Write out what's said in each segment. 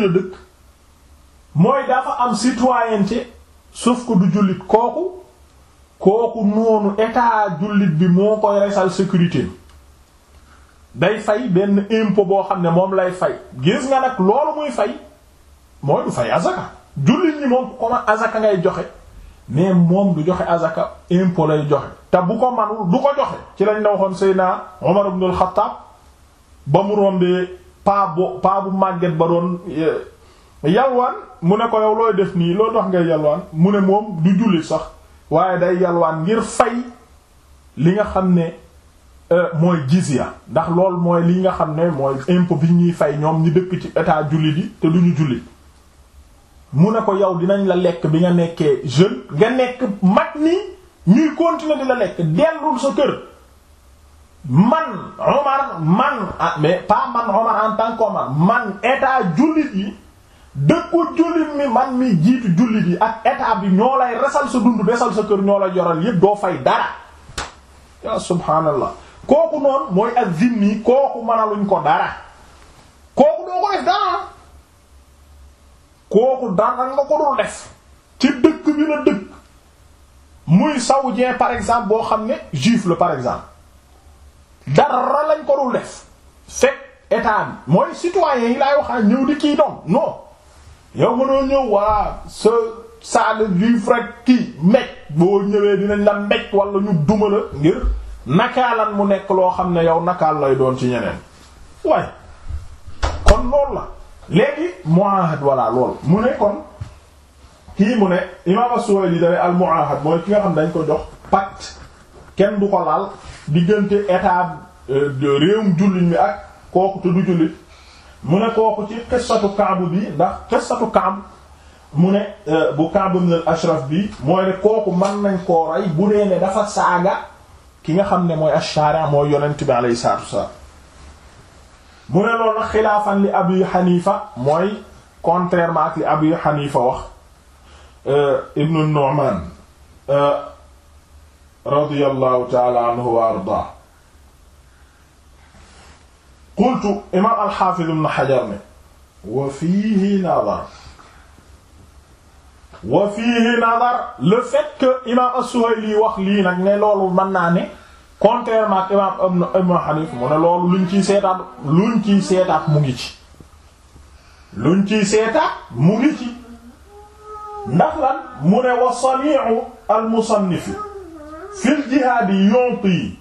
la dëkk mooy dafa am citoyenneté sauf que du jullit kooku kooku noonu état jullit bi moo koy resal sécurité day fay benn impôt boo xam ne moom lay fay gis nga nag loolu muy fay mooy du fay azaka jullit ñi moom ko ma azaka ngay joxe mais moom du joxe azaka impôt lay joxe te bu ko manul du ko joxe ci lañ la waxoon Seydina Omar ibn al-Khattab ba mu rombee paa bo paa bu màgget ba doon e, yalwaan mu ne ko yow looy def nii loo tax ngay yalwaan mu ne moom du jullit sax waaye day yalwaan ngir fay li nga xam ne e, mooy jizya ndax lool mooy li nga xam ne mooy impôt bi ñuy fay ñoom ñi dëkk ci état jullit yi te du ñu jullit mu ne ko yow dinañ la lekk bi nga nekkee jeune nga nekk mag nii ñuy continuer di la lekk dellul sa kër man Omar man ah, mais pas man Omar en tant man état jullit yi dëkku jullit mi man mi jiitu jullit yi ak état bi ñoo lay resal sa dund desal sa kër ñoo la yoral yépp doo fay dara ya subhaanallah kooku noonu mooy ak zimmi kooku mënaluñ ko dara kooku doo ko def dara kooku dara nga ko dul def ci dëkk bi la dëkk muy saoudien par exemple boo xam ne juif la par exemple dara lañ ko dul def fekk état mooy citoyen yi laay waxaa ñëw di kii doon non yow mënoo ñëw voilà sa salle juif rek kii mecc boo ñëwee dinañ la mecc wala ñu duma la ngir nakaalan mu nekk loo xam ne yow nakaal lay doon ci ñeneen waaye kon loolu la léegi muahad walla lool mu ne kon kii mu ne imaam as-Suwayli dane al muahad mooy ki nga xam dañ ko jox pacte kenn du ko laal diggante état euh, réewum jullit mi ak kooku te du jullit mu ne kooku ci qissatu Kaab bi ndax qissatu Kaab mu ne euh, bu Kaab ibn al-Ashraf bi mooy ne kooku mën nañ koo rey ne dafa saaga ki nga xam ne mooy ash-shari' mooy yonent bi alayhi salaatu wassalaam mu ne loolu nag xilaafan li Abi Hanifa mooy contrairement li Abi Hanifa wax euh, Ibn Nu'man radiyallahu taala anhu wa ardaa qultu imaam alxaafiz ibn xajar ne wa fiihi nadar wa fiihi nadar le fait que imaam as-Suhayli wax lii nag ne loolu mën naa ne contrairement ak imaam Ibn Hanif mu ne loolu luñ ciy seetaat luñ ciy seetaat mu ngi ci luñ ciy seetaat mu ngi ci ndax lan mu ne wa sani'u al-musannif fil jihaadi yunti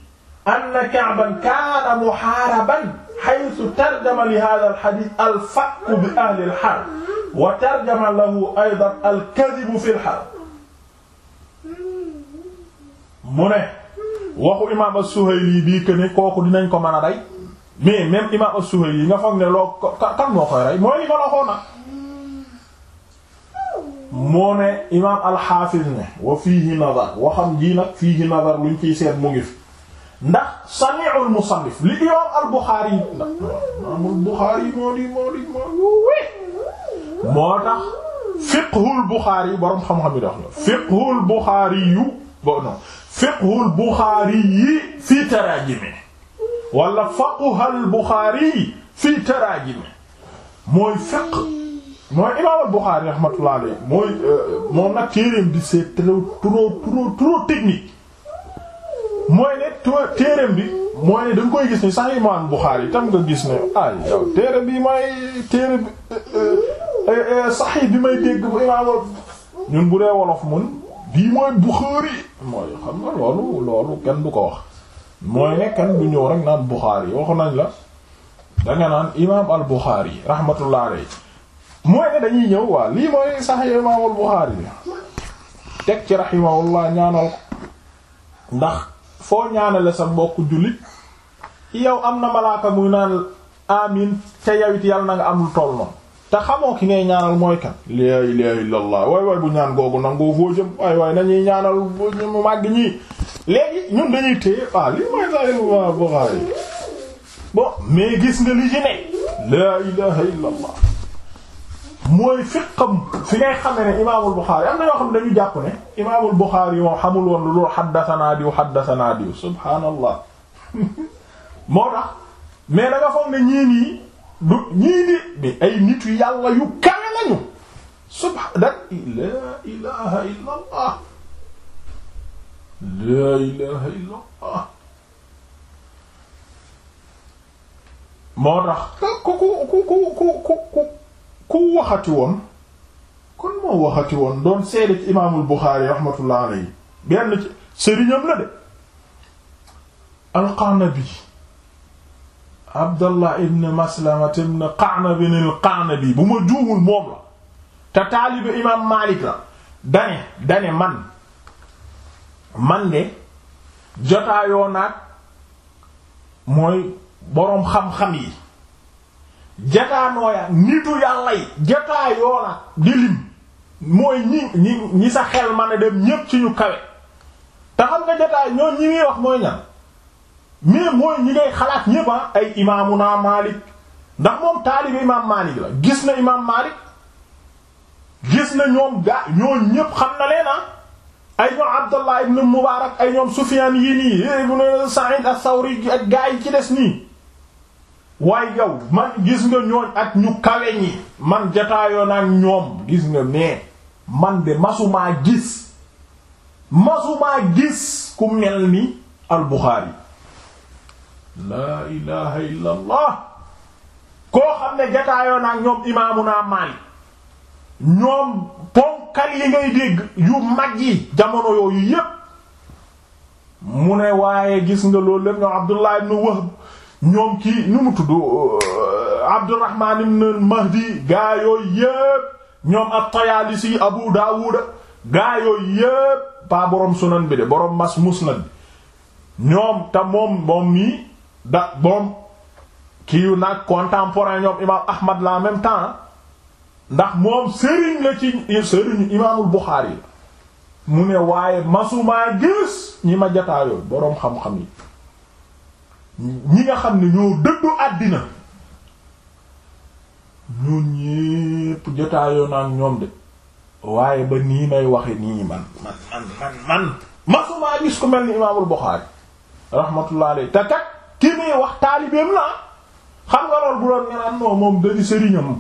anna Ka'ban kaana muhaariban haythu tarjama li haadha al-hadiith al-fakku bi ahli al-harb wa tarjama lahu aydan al-kadhibu fi al-harb mu ne waxu imaam as-Suhayli bii que ne kooku dinañ ko mën a rey mais même imaam as-Suhayli nga foog ne loo kan moo koy rey mooy li ko waxoon na moo ne imaam alxaafiz ne wa fiihi nazar waxam ji nag fiihi nazar luñ ciy seet mu ngi fi ndax sami'ul musannif li imaam al Buxaari yi ndax imaamul Buxaari moo di moo di moo moo tax fiqhul Buxaari boroom xam-xam yi dox na fiqhul Buxaari yu bon non fiqhul Buxaari yi fii taraajime wala faqhul Buxaari yi fii taraajime mooy fiqh mooy imaam al-Bukhari rahmatullah alayhi mooy euh, moom nag téereem bi c'est trop trop trop trop technique mooy ne téereem bi mooy ne da koy gis ni sax imaam al-Bukhari tam nga gis ne ay yow téere bi may téere bi euh, euh, sax bi may dégg bu imaam ñun bu dee wolof mun bii mooy Bukhari mooy xam nga loolu loolu kenn du ko wax mooy ne kenn du ñëw rek naan Bukhari waxu nañ la danga naan imaam al-Bukhari rahmatullah alayhi mooy ne dañuy ñëw waa lii mooy Sahih Imaamul Buxaari teg ci rahimahullah ñaanal ko ndax foo ñaanale sa mbokk jullit yow am na malaaka muy naan amin ca yawit yàlla na nga am lu toll noonu te xamoo ki ngay ñaanal mooy kan laa ilaaha illallaah waay waay bu ñaan googu nangoo foo jëm waay waay nañuy ñaanal mu màgg ñii léegi ñun dañuy téye waaw lii mooy Sahih Imaamul Buxaari bon mais gis nga li ci ne laa ilaaha illallaah mooy fiqam fi ngay xamee ne Buxaari am na yoo xam ne dañu jàpp ne imaamul Buxaari yi moom xamul woon lu loolu xaddasanaa diw subhaanallah moo tax mais da nga ne ñii nii du ñii nii mais yu yàlla yu kawe lañu subhaan la moo tax ku ku ku ku ku ku waxati woon kon moo waxati woon doon seede ci imaamul Buxaari rahmatullah alayhi benn ci sëriñam la de al-Qanabi Abdallah ibn Maslama ibn Qanabi al-Qanabi bu ma juumul moom la te taalibe imaam Maalik la dane dane man man de jotaayoo naag mooy boroom xam-xam yi jataanooya nitu yàlla yi jataa di lim mooy ñi ñi ñi sa xel man a dem ñépp ci ñu kawe te xam nga jataay ñoon ñi muy wax mooy ñan mais mooy ñi ngay xalaat ñépp ah, ay imaamu naa Maalik ndax moom taalibe imaam Maalik la gis na imaam Maalik gis na ñoom gaa ñoon ñépp xam na leena ah. ay ñoom Abdallah ibn Mubaarak ay ñoom Sufyaan yii nii ibn eh, Sa'iid as-Sawri gaa yi ci des nii waaye yow man gis nga ñooñ ak ñu kawe ñi man jataayoon ak ñoom gis nga mais man de masumaa gis masumaa gis ku mel ni al laa ilaha illa koo xam ne jataayoo naa ñoom imaamu naa Maalik ñoom ponkal yi ngay dégg yu mag yi jamono yooyu yépp mu ne waaye gis nga loolu lépp ñoom Abdullah ibn Wahb ñoom kii ñu mu tudd euh, Abdurrahman ibn Mahdi gaa yooyu yépp ñoom at-Tayalisi Abu Dawud gaa yooyu yépp pas borom sunan bi de borom mas musnad bi ñoom te moom moom nii da borom kii yu nag contemporain ñoom imam Ahmad la en même ndax moom sëriñ la ci sëriñ imaamul Bukhari mu ne waaye masumaa gis ñi ma jataayoo borom xam-xam yi. ñi nga xam ne ñoo dëddu àddina ñun ñépp jotaayoo naa ñoom de waaye ba nii may waxe nii man man man man man masumaa gis ku mel ni imaamul Buxaari rahmatullah alayhi te kat ki muy wax taalibeem la xam nga lool bu doon nga naan non moom dadi sëriñam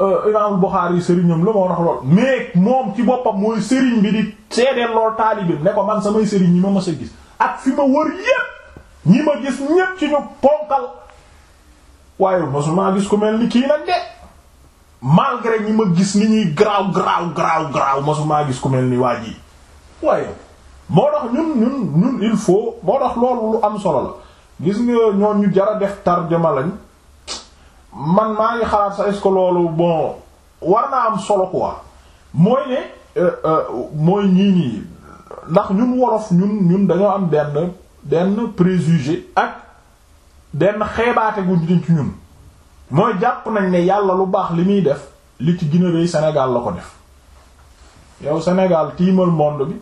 euh, imaamul Buxaari sëriñam la moo tax lool mais moom ci boppam mooy sëriñ bi di seedeel lool taalibeem ne ko man samay sëriñ yi ma mës gis ak fi ma wër yépp ñi ma gis ñépp ci ñu ponkal waaye masumaa gis ku mel ni kii nag de malgré ñi ma gis ni ñuy garaaw garaaw garaaw garaaw gis ku mel ni waa ji waaye moo tax ñun ñun ñun il faut moo tax loolu lu am solo la gis nga ñoo ñu jara def tarjuma lañ man maa ngi xalaat sax est-ce loolu bon war naa am solo quoi mooy ne euh, euh, mooy ñii nii ndax ñun wolof ñun ñun dañoo am benn benn préjugé ak benn xeebaate gu ñu ci ñun mooy jàpp nañ ne yàlla lu baax li muy def li ci gën a Sénégal la ko def yow Sénégal tiimal monde bi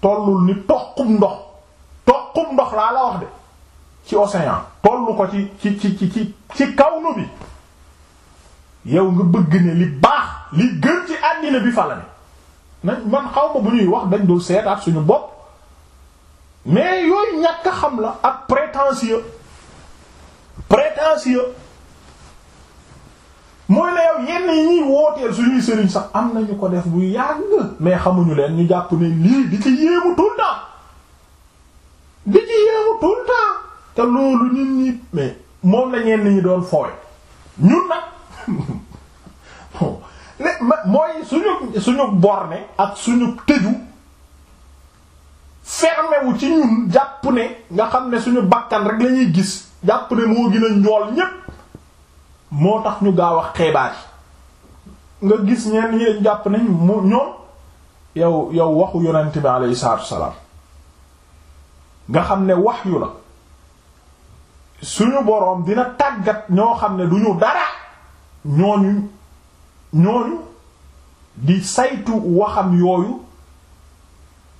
tollul ni toqum ndox toqum ndox laa la wax de ci océan tollu ko ci ci ci ci ci ci kaw nu bi yow nga bëgg ne li baax li gën ci àddina bi fa la ne nañ man xaw ma bu ñuy wax dañ dul seetaat suñu bopp mais yooyu ñàkk xam la ak prétentieux prétentieux mooy la yow yenn yi ñuy wooteel suñuy sëriñ sax am nañu ko def bu yàgg mais xamuñu leen ñu jàpp ne lii di ci yéemu tout le di ci yéemu tout te loolu nit ñi mais moom la ñenn ñi doon fooy ñun nag mooy suñu suñu borne ak suñu tëju fermé wu ci ñun jàpp ne nga xam ne suñu bàkkan rek lañuy gis jàpp ne moo gën a ñool ñépp moo tax ñu gaaw a xeebaar yi nga gis ñeen ñi jàpp nañ mu ñoom yow yow waxu yonent bi alayhi salaatu wassalaam nga xam ne wax yu la suñu boroom dina tàggat ñoo xam ne duñu ñu dara ñooñu ñooñu di saytu waxam yooyu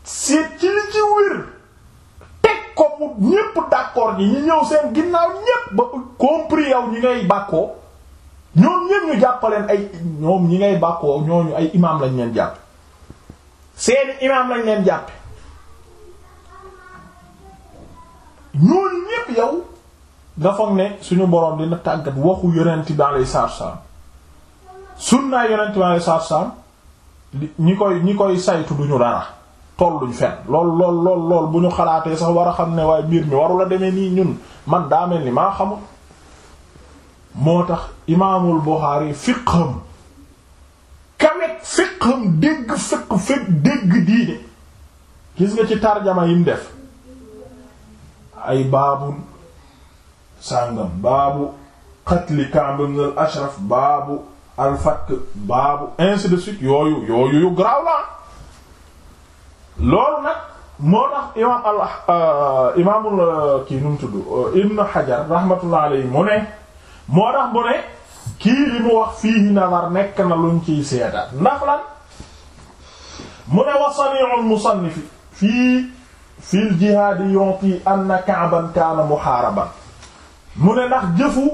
seet ci li ci wér teg ko mu ñépp d'accord ñi ñu ñëw seen ginnaaw ñépp ba compris yow ñi ngay bàkkoo ñoom ñépp ñu jàppaleen ay ñoom ñi ngay bàkkoo ñooñu ay imaam lañ leen jàpp seeni imaam lañ leen jàppe ñooñu ñépp yow nga foog ne suñu boroom dina tàggat waxu yonent bi alayhi salaam sunna yonent bi alayhi salaam ñi koy ñi koy saytu duñu dara tolluñ fen lool lool lool bu ñu xalaatee sax war a xam ne waaye mbir mi warula demee nii ñun man daa mel ni maa xamul moo tax imaamul Buxaari fiqham kamet fiqham dégg fiqh fiqh dégg diine gis nga ci tarjama yim def ay baabu sàngam baabu qatli Ka'b al-Ashraf baabu al-Fakk baabu ainsi suite yooyu yooyu yu graaw la loolu nag moo tax imaam al euh, imaamul euh, kii nu mu tudd euh, Ibn Hajar rahmatullah alayhi mu ne moo tax mu ne kii li mu wax fii nazar nekk na luñ ciy seetaat ndax lan mu ne wa sani'ul musannif fii fil jihaadi yonti anna Ka'ban kaana muhaaraban mu ne ndax jëfu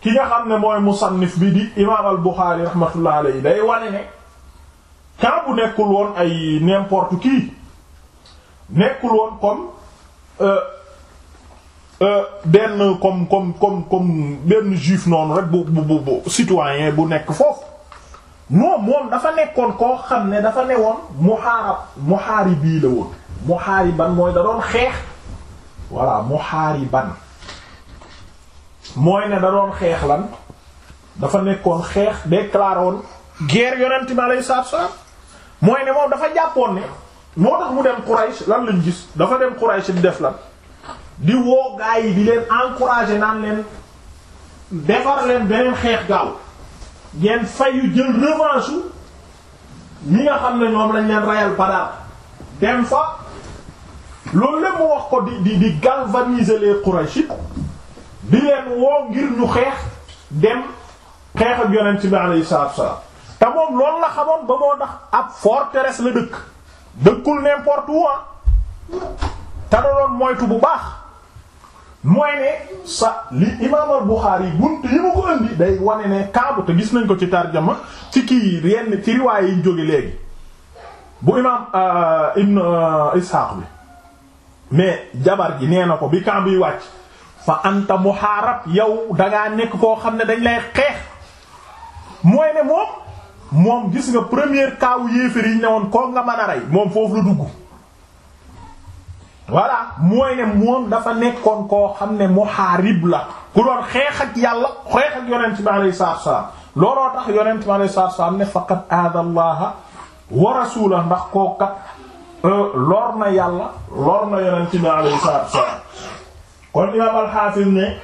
ki nga xam ne mooy musannif bi di imaam al Buxaari rahmatullah alayhi day wane ne. Kaab bu nekkul woon ay n'importe qui nekkul woon comme euh, euh, benn comme comme comme comme benn juif noonu rek bu bu bu citoyen bu nekk foofu moom moom dafa nekkoon koo xam ne dafa newoon muhaarab muhaaribi la woon muhaariban mooy da doon xeex voilà muhaariban mooy ne da doon xeex lan dafa nekkoon xeex déclaroon guerre yonent bi alayhi salaatu wa salaam mooy ne moom dafa jàppoon ne moo tax mu dem Quraysh lan lañ gis dafa dem Quraysh di def lan di woo bi yi di leen encourager naan leen defar leen beneen xeex gaaw ngeen fayu jël revanche ñi nga xam ne ñoom lañ leen rayal Badar dem fa loolu lépp mu wax ko di di di galvaniser les Quraysh bi leen woo ngir ñu xeex dem xeex ak yonent bi alayhi salaatu wa te moom lool la xamoon ba moo tax ab forteresse la dëkk dëkkul n'importe où ah. te doon moytu bu baax mooy ne sa li imaamal Buxaari bunt yi ma ko indi day wane ne kaabu te gis nañ ko ci tarjama ci kii yenn ci riwaay yi jóge léegi bu imaam euh, Ibn euh, Ishaq bi mais jabar ji nee na ko bi kaabu yi wàcc fa anta muhaarab yow dangaa nekk koo xam ne dañ lay xeex mooy ne moom moom gis nga première kaawu yéefér yi ne woon koo nga man a rey moom foofu la dugg voilà mooy ne moom dafa nekkoon koo xam ne muhaarib la ku doon xeex ak yàlla xeex ak yonent bi alayhi salaatu salaam looloo tax yonent bi alayhi salaatu salaam ne faqad aada allaha wa rasuula ndax koo kat euh, lor na yàlla lor na yonent bi alayhi salaatu salaam kon imaam al-Hafiz ne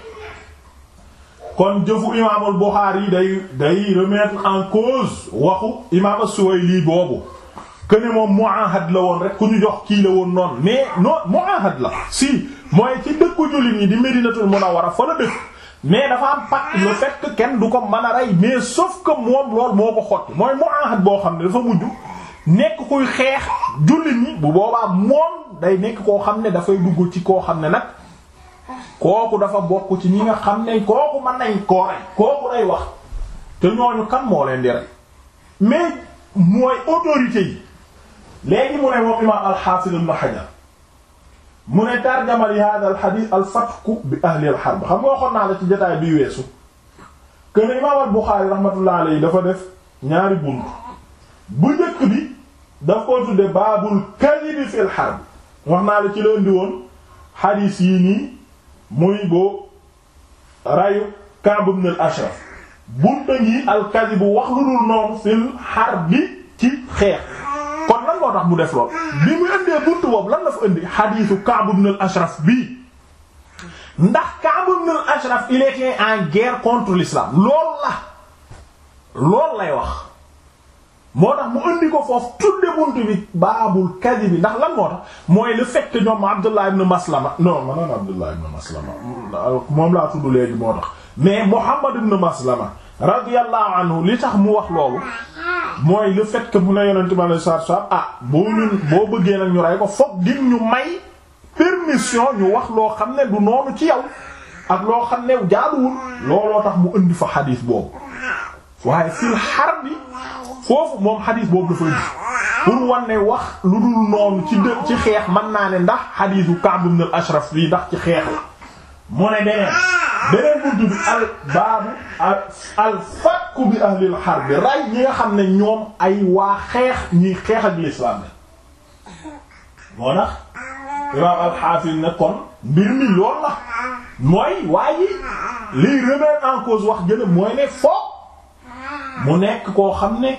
kon jëfu imaamul Buxaari day day remettre en cause waxu imaam as-Suwayli boobu que ne moom muahad la woon rek ku ñu jox kii la woon noonu mais non muahad la si mooy ci dëkku jullit ñi di Medinatul Munawwara fa la dëkk mais dafa am pacte lu fekk kenn du ko mën a rey mais sauf que moom lool moo ko xotti mooy muahad boo xam ne dafa mujj nekk kuy xeex jullit ñi bu boobaa moom day nekk koo xam ne dafay dugg ci koo xam ne nag. kooku dafa bokk ci ñi nga xam ne kooku mën nañ koo rey kooku day wax te ñooñu kan moo leen di rey mais mooy autorité yi léegi mu ne moom imaam al-Hafiz mu ne tarjama li hada al al fatku bi ahli al harb xam nga waxoon naa la ci jotaay bi weesu kën imaam al Bukhari rahmatullah alayhi dafa def ñaari bunt bu njëkk bi daf ko tudde baabul kadhib fil harb wax naa la ci leen di woon hadith yi nii muy boo rayu Ka'b ibn al-Ashraf bunta ngi al-kadhib wax lu dul noonu fil harbi ci xeex kon lan moo tax mu def lool bi mu indee buntu boobu lan la fa indi xadiisu Ka'b ibn al-Ashraf bii ndax Ka'b ibn ashraf il était en guerre contre l'islam lool la lool lay wax moo tax mu indi ko foofu tudde buntu bi baabul kadi bi ndax lan moo tax mooy le fait que ñoom Abdullah ibn Maslama non ma naan Abdullah ibn Maslama moom laa tudd léegi moo tax mais Muhammad ibn Maslama radiyallahu anhu li tax mu wax loolu mooy le fait que mu ne yonente bi alei sa salam ah boo ñun boo bëggee nag ñu rey ko foog dim ñu may permission ñu wax loo xam ne du noonu ci yow ak loo xam ne jaaduwul looloo tax mu indi fa xadiis boobu waaye fil harbi foofu moom xadis boobu dafay gis pour wan wax lu dul noonu ci dë ci xeex man naa ne ndax xadisu Ka'b ibn al-Ashraf bi ndax ci xeex la mu ne beneen beneen bunt bi al baabu al fakku bi ahlil harb bi ray ñi nga xam ne ñoom ay waa xeex ñuy xeex ak l'islam moo tax imaam al-Hafiz ne kon mbir mi lool la mooy waaye liy remettre en cause wax jële mooy ne foofu mu nekk koo xam ne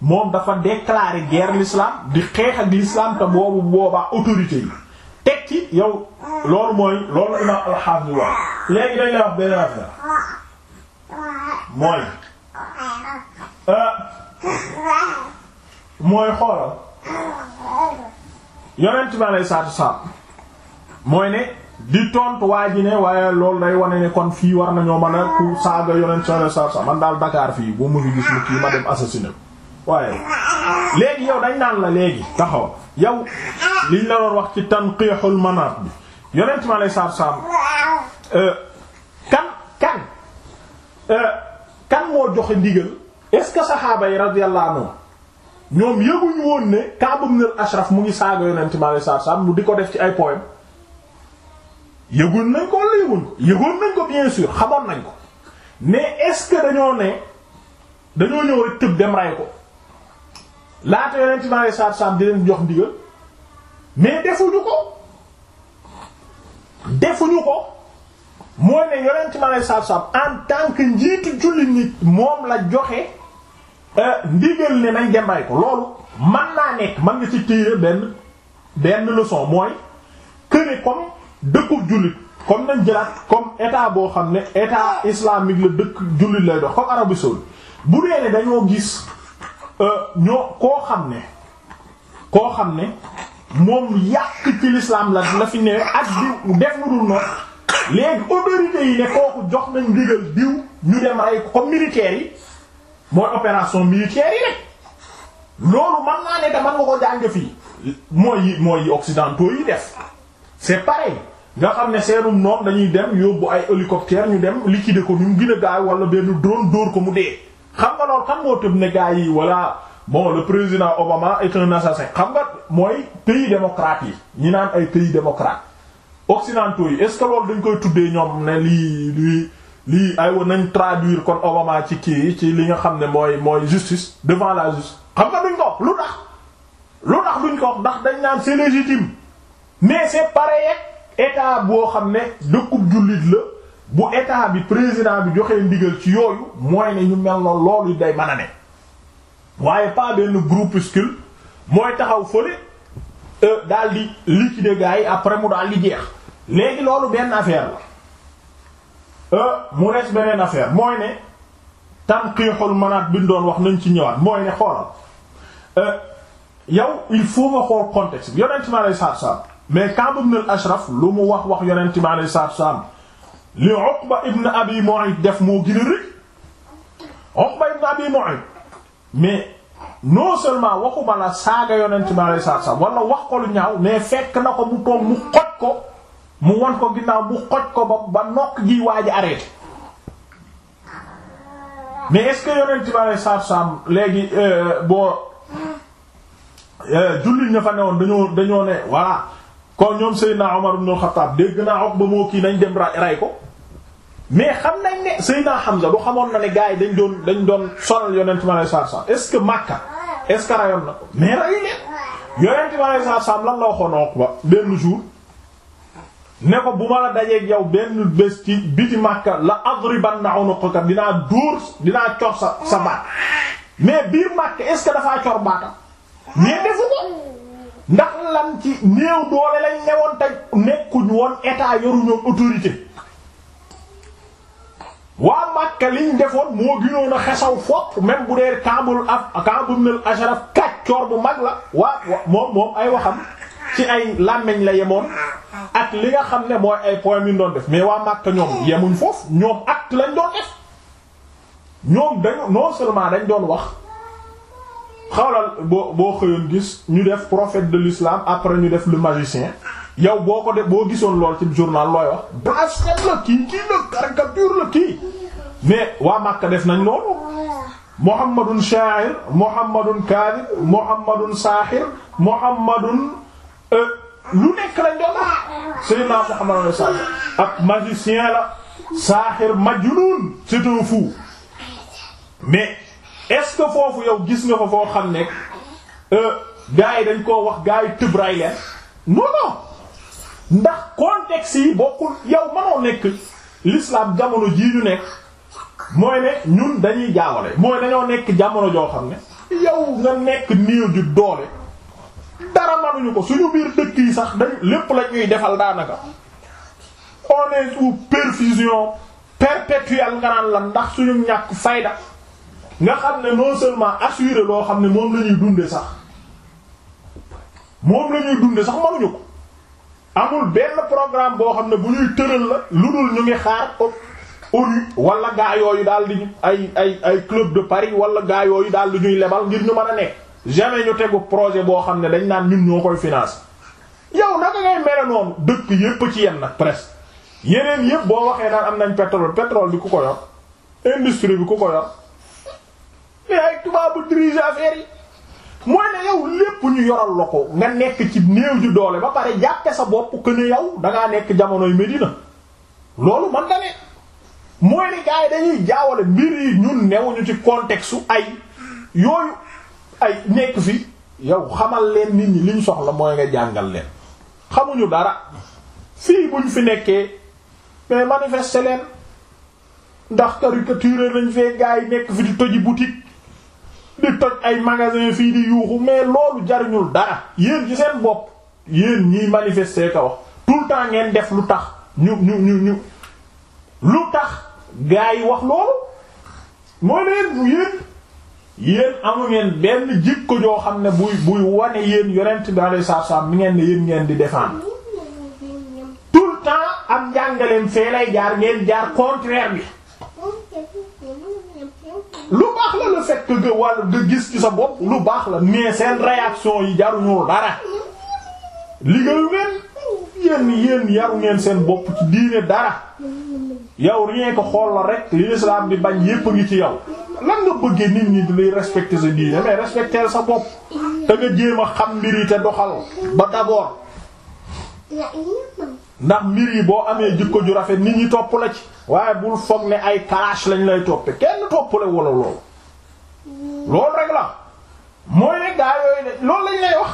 moom dafa déclarer guerre l'islam di xeex ak l'islam te boobu boobaa autorité yi teg ci yow loolu mooy loolu imaam mooy euh, mooy xoolal yonent bi alei saatu salam mooy ne di tontu waa ji ne waaye loolu day wane ne kon fii war nañoo man a ku saaga yonent bi alei saatu salam man daal Dakar fii bu mu fi gis mu kii ma dem assassiné waaye léegi yow dañ naan la léegi taxaw yow liñ la doon wax ci tanqiixul manaat bi yonent ma lay saab saab euh, kan kan euh, kan moo joxe ndigal est-ce que saxaaba yi radiyallahu anhu ñoom yëguñu woon ne Kaab ibn al-Ashraf mu ngi saaga yonent ma lay saab saab mu di ko def ci ay poème yëgoon nañ ko wala yëgoon nañ ko bien sûr xamoon nañ ko mais est-ce que dañoo ne dañoo ñëw rek tëb dem ray ko laata yonent bi alayhi salaatu salaam di leen jox ndigal mais defuñu ko defuñu ko mooy ne yonent bi alayhi salaatu salaam en tant njiitu jullit nit moom la joxe euh, ndigal ne nañ dem ko loolu man naa nekk man nga ci tiire benn benn leçon mooy këre comme dëkkub jullit comme nañ jëlaat comme état boo xam ne état islamique la dëkk jullit lay dox comme Arabie bu dee ne dañoo gis. Euh, ñoo koo xam ne koo xam ne moom yàq ci l'islam la la fi newee ak diw def lu dul noonu léegi autorités yi ne kooku jox nañ ndigal diw ñu dem ay ko yi mooy opération militaire yi rek loolu man naa ne da man nga ko jàng fii mooy yi mooy yi occidentaux yi def c'est pareil nga xam ne seenum noom dañuy dem yóbbu ay hélicoptère ñu dem li de ko ñu gën a gaaw wala benn drone dóor ko mu dee xam nga loolu kan moo tëb ne gars yi wala bon le président Obama est un assassin xam nga mooy pays démocrate yi ñi naan ay pays démocrate occidentaux yi est loolu dañ koy tuddee ñoom ne lii lii lii aywa nañ traduire kon Obama ci kii ci li nga xam ne mooy mooy justice devant la justice xam nga duñ ko lu tax lu tax duñ ko ndax dañ naan c'est légitime mais c'est pareil ak boo xam ne dëkkub jullit la bu état bi président bi joxee ndigal ci yooyu mooy ne ñu mel noonu loolu day mën a ne waaye pas benn groupuscule mooy taxaw fële euh, daal di liquider gars yi après mu daal di jeex léegi loolu benn affaire la euh, mu res beneen affaire mooy ne tanqiixul manaat bi ñu doon wax nañ ci ñëwaat mooy ne xoolal euh, yow il faut nga xool contexte bi yonent mi alayhi salaatu salaam mais Ka'b ibn al-Ashraf lu mu wax wax yonent mi alayhi salaatu salaam li Uqba ibn Abi Mu'ayt def moo gën a rëy Uqba ibn Abi Mu'ayt mais non seulement waxuma la saaga yonent bi alayhi salaatu salaam wala wax ko lu ñaaw mais fekk na ko mu toog mu xoj ko mu won ko ginnaaw mu xoj ko ba ba nokk ji waa ji arrêté mais est-ce que yonent bi alayhi salaatu salaam léegi euh, boo euh, jullit ña fa newoon dañoo dañoo ne voilà kon ñoom Seydina Omar ibn Khattab dégg naa Uqba moo kii nañ dem ray ko mais xam nañ ne xam Hamza bu xamoon na ne gars yi dañ doon dañ doon sonal yonent mi alayhi salaatu est-ce que Makka est-ce que rayoon na ko mais rayu leen yonent mi alayhi salaatu salaam lan benn jour ne ko bu ma la dajeeg yow benn bés ci biti Makka la na adribanna unuqaka dinaa dóor dinaa cor sa sa baat mais biir Makka est que dafaa cor baatam mais defu ko ndax lan ci néew doole lañ newoon te nekkuñ woon état yoruñu autorité waa Makka liñ defoon moo gënoon a xesaw fopp même bu dee Kaabul af Kaabul Ashraf kàccoor bu mag la waa moom moom ay waxam ci ay làmmiñ la yemoon ak li nga xam ne mooy ay poème yu ñu doon def mais waa Makka ñoom yemuñ foofu ñoom at lañ doon def ñoom dañu non dañ doon wax xawlal boo boo xëyoon gis ñu def prophète de lislaam après ñu def le magicien yow boo ko de boo gisoon lool ci journal looy wax blasphème la kii kii la caricature la kii mais waa Makka def nañ loolu Muhammadun sha'ir Muhammadun kadhib Muhammadun sahir Muhammadun euh, lu nekk lañ doon wax Sayyidina Muhammad ak magicien la sahir majnun c'est un fou mais est-ce foofu yow gis nga ko foo xam ne euh, gars dañ koo wax gars yi tëbraay leen non non ndax contexte yi bokkul yow mënoo nekk l'islam jamono jii ñu nekk mooy ne ñun dañuy jaawale mooy dañoo nekk jamono joo xam ne yow nga nekk néew ju doole dara manuñu ko suñu biir dëkk yi sax dañ lépp lañuy defal daanaka on est sous perfusion perpétuelle nga naan la ndax suñu ñàkk fayda nga xam ne non seulement assuré loo xam ne moom la dunde sax moom la ñuy dunde sax manuñu ko amul benn programme boo xam ne bu ñuy tëral la lu dul ñu ngi xaar ONU wala gaa yooyu daal di ay ay ay club de Paris wala gaa yooyu daal di ñuy lebal ngir ñu mën a nekk jamais ñu tegu projet boo xam ne dañ naan ñun ñoo koy financer yow naka ngay mere noonu dëkk yépp ci yenn nag presque yeneen yépp boo waxee naan am nañ pétrole pétrole bi ku ko yor industrie bi ku ko yor mais ay tubaab bu yi mooy ne yow lépp ñu yoral la ko nga nekk ci néew ju doole ba pare jàppe sa bopp que ne yow dangaa nekk jamonoy Medina loolu man da ne mooy ne gars yi dañuy jaawale mbir yi ñun newuñu ci contexte su ay yooyu ay nekk fi yow xamal leen nit ñi liñ soxla mooy nga jàngal leen xamuñu dara fii ñu fi nekkee mais manifester leen ndax caricature nañ fee gars yi nekk fi di toji boutique di toj ay magasin fii di yuuxu mais loolu jariñul dara yéen ci seen bopp yéen ñiy manifester ka wax tout le temps ngeen def lu tax ñu ñu ñu ñu lu tax gaa yi wax loolu mooy leen yéen yéen amu ngeen benn jikko joo xam ne buy buy wane yéen yonent bi alayhi salaam mi ngeen ne yéen ngeen di défendre tout le temps am njàngaleen fee lay jaar ngeen jaar contraire bi fait que nga wàll nga gis ci sa bopp lu baax la mais seen réaction yi jaruñoo dara liggéeyu ngeen yéen yéen yaru ngeen seen bopp ci diine dara yow rien que xool la rek li islam di bañ yépp ngi ci yow lan nga bëggee nit ñi di lay respecter sa diine mais respecter sa bopp te nga jéem a xam mbir yi te doxal ba d'abord ndax mbir yi boo amee jikko ju rafet nit ñi topp la ci waaye bul foog ne ay clash lañ lay toppe kenn toppale wala loolu loolu rek la mooy ne gaa yooyu loolu lañ lay wax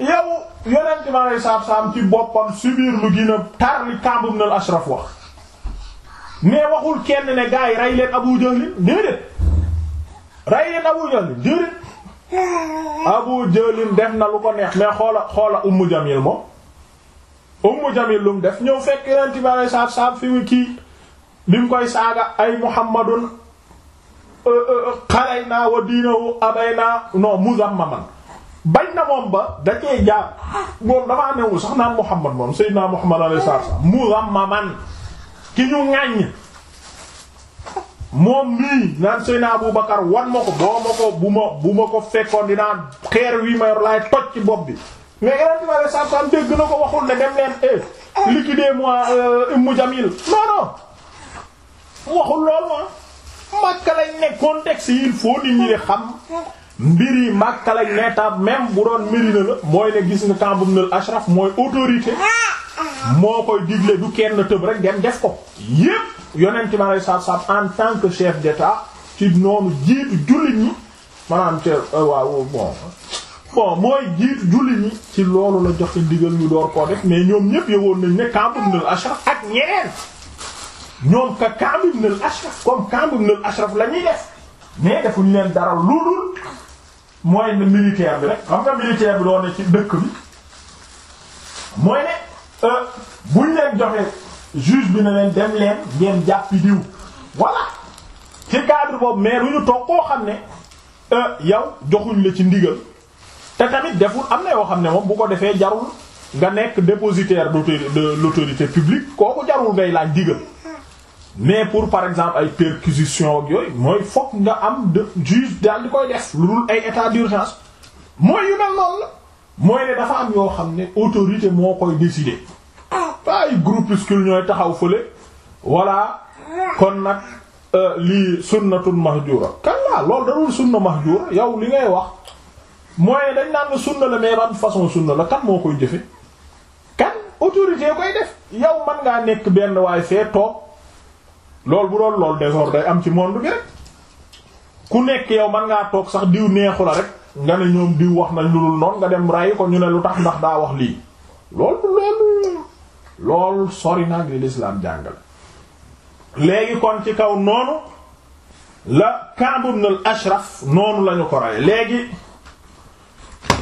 yow yonent ma lay saab-saab ci boppam subir lu gën a tar li Ka'b ibn al-Ashraf wax mais waxul kenn ne gaa yi rey leen Abu Jahl déedéet rey def na lu ko neex xoola xoola Ummu Jamil moom Ummu Jamil lu mu def ñëw fekk yonent ma lay saab-saab fi mu kii bi mu koy saaga ay Muhammadun Euh, euh, xarey naa wa diinawu abay naa non muzammaman bañ moom ba da cee jaar moom damaa sax naan Muhammad moom Seydina Muhammad alayhi salaam muzammaman ki ñu ŋàññ moom mii naan Seydina Abu Bakar wan ma ko ko bu ma fekkoon dinaa xeer wi ma yor laay toj ci bopp bi mais yeneen salaam dégg na ko waxul ne dem leen eh, liquidez-moi euh, Umm Jamil waxul loolu ma ah. Makka lañ ne contexte yi il faut ñu ñi xam mbir yi Makka lañ ne tam même bu doon Medina la mooy ne gis nga Kaab ibn al-Ashraf mooy autorité moo koy digle du kenn tëb rek dem def ko yépp yonent mi alayhi salaatu salaam en tant que de d'état ci noonu jiitu jullit ñi maanaam te euh, waaw bon bon mooy jiitu jullit ñi ci loolu la joxe ndigal ñu door koo def mais ñoom ñépp yëgoon nañ ne Kaab ashraf ak ñeneen ñoom ka Kaab ibn al-Ashraf comme Kaab ibn al-Ashraf la ñuy def mais defuñu leen dara lu dul mooy ne militaire bi rek xam nga militaire bi doon ne ci dëkk bi mooy ne euh, buñ leen joxe juge bi ne leen dem leen ngeen jàppi diw voilà ci cadre boobu mais lu ñu toog koo xam ne euh, yow joxuñ la ci ndigal te tamit deful am na yoo xam ne moom bu ko defee jarul nga nekk dépositaire de l'autorité publique kooku jarul ngay laaj ndigal mais pour par exemple ay perquisition ak yooyu mooy fokk nga am de juge daal di koy def lu dul ay état d'urgence mooy yu mel noonu la mooy ne dafa am yoo xam ne autorité moo koy décider ah, ay groupuscule ñooy taxaw fële voilà kon nag euh, lii sunnatun mahjura kalla loolu darul sunna mahjura yow li ngay wax mooy dañ naan sun sunna la mais ban façon sunna la kan moo koy jëfe kan autorité koy def yow mën ngaa nekk benn waaye fee toog loolu bu doon lool désordre day am ci monde bi rek ku nekk yow man ngaa toog sax diw neexu la rek nga ne ñoom diw wax nañ lu dul nga dem rayi ko ñu ne lu tax ndax daa wax lii loolu loolu loolu sori naag li lislaam jàngale léegi kon ci kaw noonu la Ka'b ibn al-Ashraf noonu lañu ko rey léegi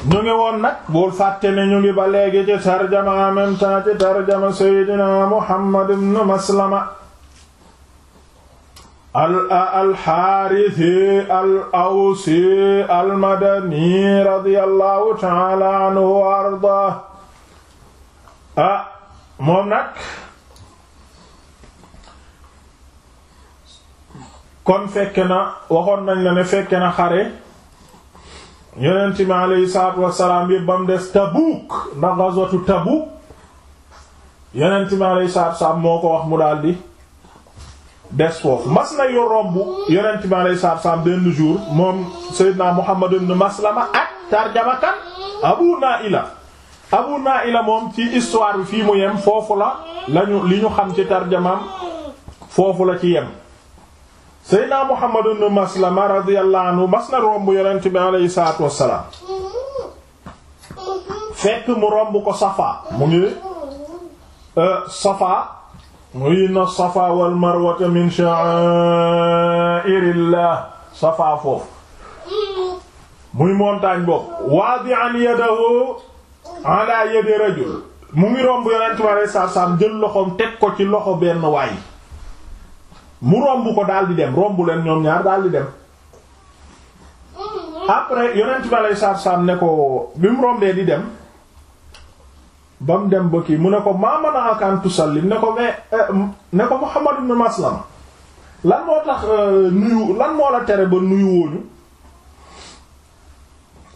ñu ngi woon nag bul fàtte ne ñu ngi ba léegi ci tarjama en même temps ci tarjama Seydina Muhammad Maslama al alxaarisi al awsi almadani radiallahu taala anhu wa arda ah moom kon fekke waxoon nañ la ne fekke na xare yonent mi aleyhi salaatu wasalaam yépp ba mu des Tabuuk ndax gazwatu Tabuuk yonent mi aleyhi salaatu wasalaam moo ko wax mu daldi des foofu mas na yu romb yonent bi alayhi salaam benn jour moom Seydina Muhammad ibn Maslama ak tarjamakan Abu Naila Abu Naila moom ci histoire fii mu yem foofu la li ñu xam ci tarjamaam foofu la ci yem Seydina Muhammad ibn Maslama radiyallahu anhu mas na romb yonent bi alayhi salaatu wassalaam fekk mu romb ko Safa mu ngi euh, Safa muy inna safa wal marwata min sha'airillah safa foofu muy montagne boobu wadi'an yadahu ala yadi rajul mu ngi romb yonent bi alei satu salaam jël teg ko ci loxo benn waay mu romb ko daal di dem romb leen ñoom ñaar daal dem après yonent bi alei ne ko bi mu rombee di dem ba mu dem ba yi mu ne ko maa manaaka li ne ko mais eh, ne ko Muhammad ibn Maslama lan moo tax euh, nuyu lan moo la tere ba nuyu wooñu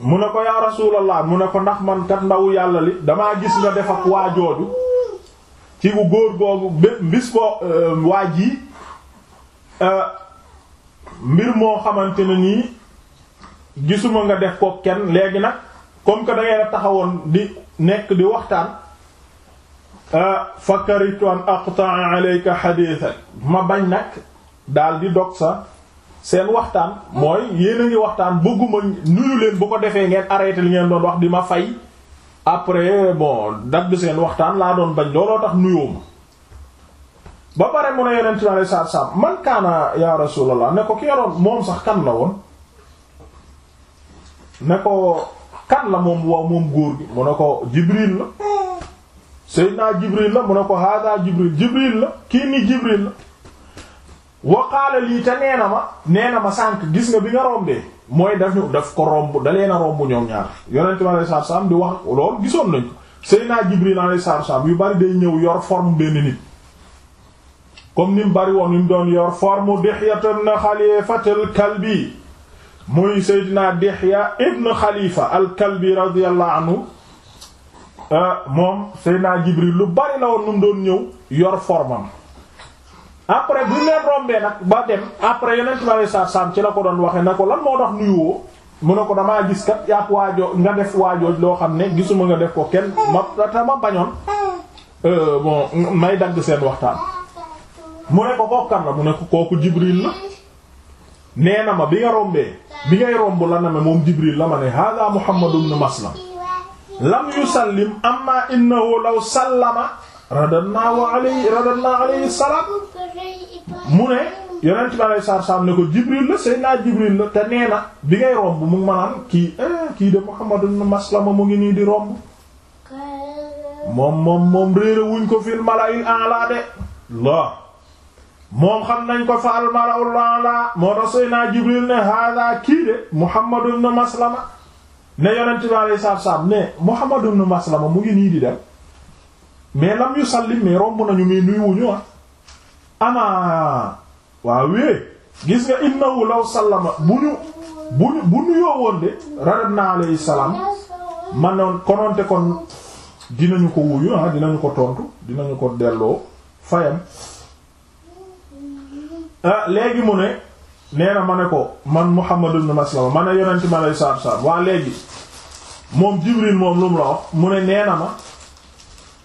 mu ne ko yaa rasulallah mu ne ko ndax man kat ndawu yàlla li damaa gis nga def ak waa jooju ci bu góor boobu bis boo euh, waa ji euh, mbir moo xamante ne nii gisuma nga def ko kenn léegi nag comme que da taxawoon di nekk di waxtaan Ah, fa karitu an aqta'a alayka ma bañ nag daal di dog sa seen waxtaan mooy yéen ngi waxtaan bëgguma nuyu leen bu ko defee ngeen arrêté li ngeen doon wax di ma fay après bon dagg seen waxtaan laa doon bañ looloo tax nuyoo ma ba pare mun a yonent na lay saab man kaana ya rasulallah ne ko ki yoroon moom sax kan la woon ne ko kan la moom waaw moom góor gi mu ne ko Jibril la Seydina Jibril la mu ne ko hada Jibril Jibril la kii ni Jibril la waqaala lii te nee na ma nee ma sànq gis nga bi nga rombee mooy daf ñu daf ko romb dalee na romb ñoom ñaar yonent ma lay saar saam di wax loolu gisoon nañ ko Seydina Jibril ma lay saar yu bari day ñëw yor forme benn nit comme ni mu bari woon ni mu doon yor forme Dihya ibn Khalifa al-Kalbi muy Seydina Dihya ibn Khalifa al-Kalbi radiyallahu anhu Euh, moom Seydina Jibril lu bari la woon nu mu doon ñëw yor formam après bu leen rombee nag ba dem après yonent bi alei satu ci la ko doon waxe na ko lan moo tax nuyuwoo mu ne ko damaa gis kat yàpp waajoo nga def waajooj loo xam ne gisuma nga def ko kenn ma tama bañoon euh, bon may dagg seen waxtaan mu ne ko kokkan la mu ne ko kooku Jibril la nee na ma bi nga rombee bi ngay romb la na ma moom Jibril la ma ne hada Muhammadu ibn Maslam lam yusallim amma innahu law sallama radannaahu alayhi radannaahu alayhi salaam mu ne yonent bi alayhi salaam ne ko Jibril la Seydina Jibril la te nee na bi ngay romb mu ngi maanaam kii eh, kii de Muhammad Maslama mu ngi nii di romb moom moom moom réere wuñ ko fil mala'il a'la de la moom xam nañ ko fa al mala'il a'la moo tax Seydina Jibril ne hada kii de Muhammad Maslama ne yonent bi alayhi salaatu salaam ne Muhammad ibn Maslama mu ngi nii di dem mais lam yu sallim mais romb nañu mais nuy wuñu ah ama waaw wée gis nga innahu law sallama bu ñu bu nuyoo woon de radab na alayhi salaam manoon kononte kon dinañu ko wuyu ah dinañu ko tontu dinañu ko delloo fayam ah, léegi mu ne nee na ma ne ko man Muhammad ibn Maslama ma ne yonent ma lay saab saab waa léegi moom Jibril moom lu mu la wax mu ne nee na ma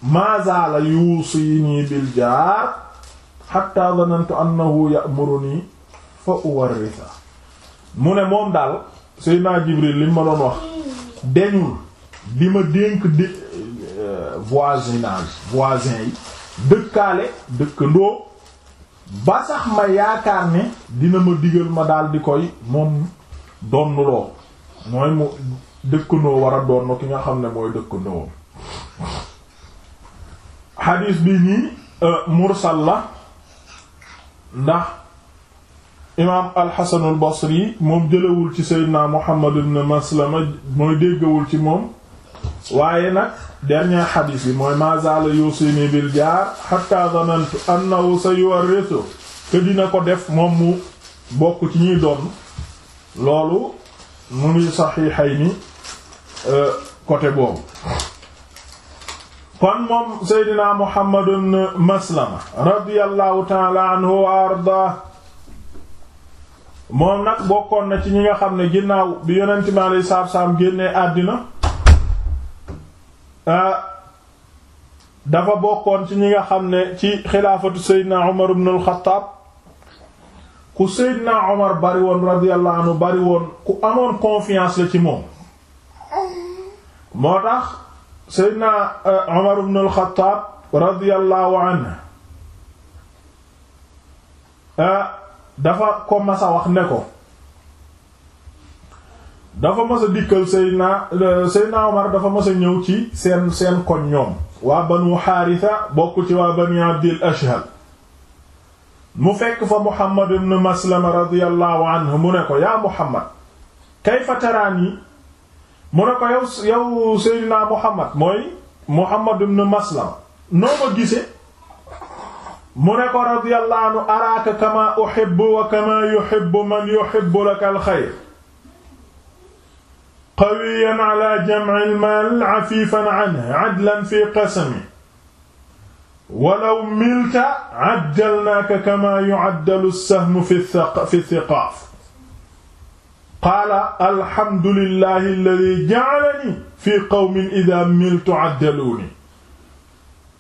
maazaala yuusini bil jaar hatta dhanantu annahu ya'muruni fa uwarritha mu ne moom daal Seydina Jibril li ma doon wax deñul bi ma dénk di euh, voisinage voisin yi dëkkaale dëkkandoo ba sax ma yaakaar ne dina ma digal ma daal di koy moom donnuloo mooy mu dëkkandoo war a donn ki nga xam ne mooy dëkkandoo xadiis bi nii euh, mursal la ndax imaam alxasanul basri moom jëlawul ci seydina muhammad ibn maslama mooy déggawul ci moom waaye nag dernier xadis bi mooy ma zaala yusini bil jaar hatta zanantu annahu sayuwarrisu te dina ko def moom mu bokk ci ñuy doon loolu mu ngi saxiixayni euh, côté boobu kon moom seydina Muhammad ibn Maslama radiyallahu taala anhu wa arda moom nag bokkoon na ci ñi nga xam ne ginnaaw bi yonent mi alayhi salaam génnee àddina Ah, dafa bokkoon ci ñi nga xam ne ci xilaafatu Seydina Umar ibn al-Khattab ku Seydina Umar bari woon radiyallahu anhu bari ku amoon confiance la ci moom moo tax Seydina Umar eh, ibn al-Khattab radiyallahu anhu eh, dafa ko masa ne ko dafa mas a dikkal Seydina Seydina Omar dafa mas a ñëw ci seen seen koñ ñoom waa banu Haarisa bokk ci waa bani Abdil Ashhal mu fekk fa Muhammad ibn Maslama radiyallahu anhu mu ne ko yaa Muhammad kayfa taraani mu ne ko yow yow Muhammad mooy Muhammad ibn Maslama noo ma gisee mu ne ko radiyallahu araaka kama uhibbu wa kama yuhibbu man yuhibbu laka al qawiyan ala jam'il maal afifan anhu adlan fi qasami walaw milta addalnaaka kama yu'addalu as-sahmu fi thiqaaf qaala alhamdulillahi alladhi ja'alani fi qawmin idha miltu addaluuni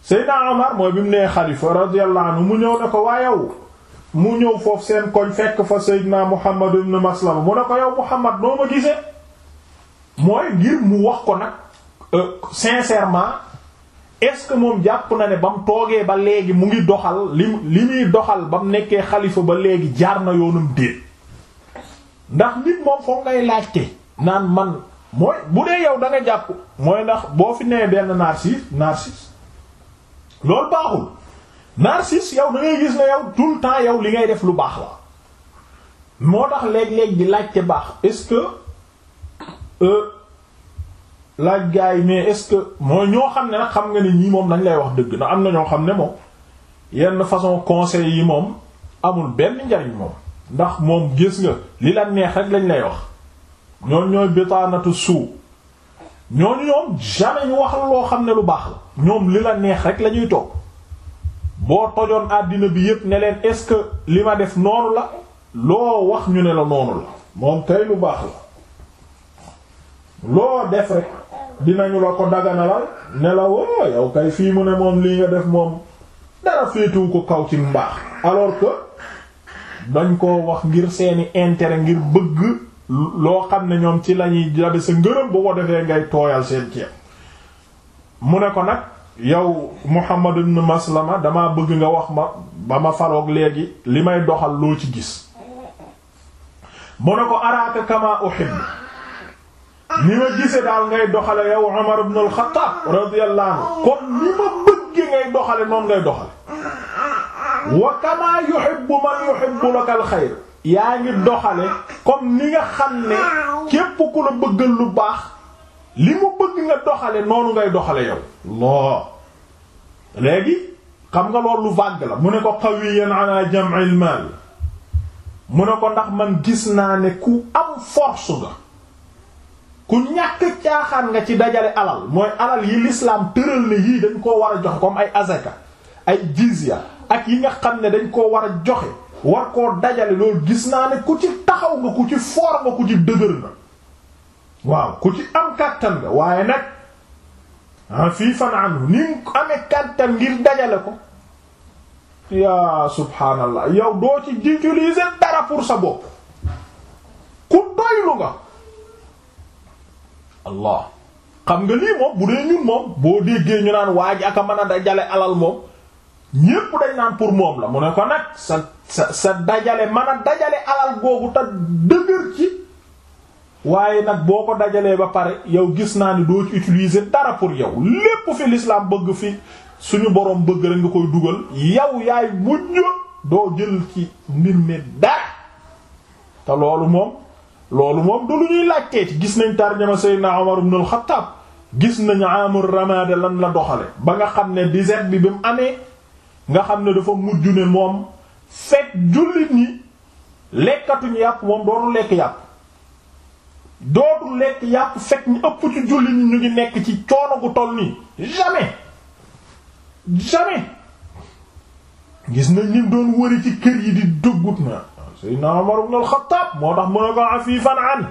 Seydina Omar mooy bi mu nee xalifa radiyallahu anhu mu ñëw ne ko waa yow mu ñëw foofu seen koñ fekk fa Seydina Muhammad ibn Maslama mu ne ko yow Muhammad noo ma gisee mooy ngir mu wax ko nag euh, sincèrement est-ce que moom jàpp na ne ba mu toogee ba léegi mu ngi doxal li li muy doxal ba mu nekkee xalifa ba léegi jaar na yoonum déet ndax nit moom foog ngay laajte naan man mooy bu dee yow da jàpp mooy ndax boo fi nee benn narcisse narcisse loolu baaxul narcisse yow da ngay gis ne yow tout le temps yow li ngay def lu baax la moo tax léeg-léeg di laajte baax est-ce que Euh, laaj gars yi mais est-ce que mooy ñoo xam ne nag xam nga ni ñii moom dañ lay wax dëgg ndax am na ñoo xam ne moom yenn façon conseil yi moom amul benn njariñ moom ndax moom gis nga li la neex rek lañ lay wax ñoon ñooy bitaanatu suu ñooñu ñoom jamais ñu wax loo xam ne lu baax la ñoom li la neex rek la ñuy toog boo tojoon àddina bi yépp ne leen est-ce que li ma def noonu la loo wax ñu ne la noonu la moom kay lu baax la loo def rek dinañu la ko daganalal ne la woo yow kay fii mu ne moom lii nga def moom dara féetuwu ko kaw ci mbaax alors que dañ koo wax ngir seeni intérêt ngir bëgg loo xam ne ñoom ci lañuy jabe sa ngërëm bu ko defee ngay tooyal seen ceeb mu ne ko nag yow Muhammad ibn Maslama dama bëgg nga wax ma ba ma faroog léegi li may doxal loo ci gis mu ne ko araaka kama uhibbu ni ma gise daal ngay doxale yow Umar ibn al-Khattab radiyallahu kon ni ma bëgge ngay doxale noonu ngay doxale wa kama yuhibbu man yuhibbu laka al yaa ngi doxale comme ni nga xam ne képp ku la bëggal lu baax li mu bëgg nga doxale noonu ngay doxale yow Allah léegi xam nga loolu lu vague la mu ne ko qawiyan ala jam'il mal mu ne ko ndax man gis naa ne ku am force nga ku ñàkk caaxaan nga ci dajale alal mooy alal yi lislaam tëral ne yii dañ koo war a joxe koom ay azaka ay jizya ak yi nga xam ne dañ koo war a joxe war koo dajale loolu gis naa ne ku ci taxaw nga ku ci foor nga ku ci dëgër na waaw ku ci am kàttan nga waaye nag ah fii fan anu ni kàttan ngir dajale ko yaa subhaanallah yow doo ci utiliser dara pour bopp allah xam nga lii moom bu dee ñun moom boo déggee ñu naan waa ji ak mën a dajale alal moom ñépp dañ naan pour moom la mu ne ko nag sa sa sa dajale mën a dajale alal googu te dëgër ci waaye nag boo ko dajalee ba pare yow gis naa ni doo ci utiliser dara pour yow lépp fi l'islam bëgg fi suñu borom bëgg rek nga koy dugal yow yaay mujj doo jël ci mbir mi dara te loolu moom loolu moom du lu ñuy laajteeti gis nañ tarjama Seydina Omar ibn al-Khattab gis nañ amul ramada lan la doxale ba nga xam ne disette bi bi mu amee nga xam ne dafa mujj ne moom fekk jullit ñi lekkatuñu yàpp moom dootul lekk yàpp dootul lekk yàpp fekk ñu ëpp ci jullit ñu ngi nekk ci coono gu toll nii jamais jamais gis nañ ni mu doon wëri ci kër yi di duggut na Seydina Umar ibn al-Khattab moo tax mën a ko afifan an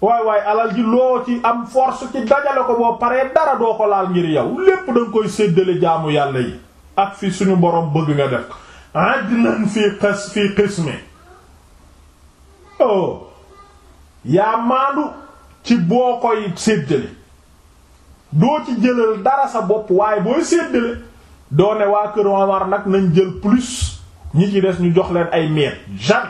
waay waay alal ji loo ci am force ci dajale ko boo paree dara doo ko laal ngir yow lépp da koy séddale jaamu yàlla yi ak fi suñu borom bëgg nga def adlan fii qis fii qismi oh yaa maandu ci boo koy séddale doo ci jëlal dara sa bopp waaye booy séddale doo ne waa kër Omar nag nañ jël plus ñi ci des ñu jox leen ay miet jamais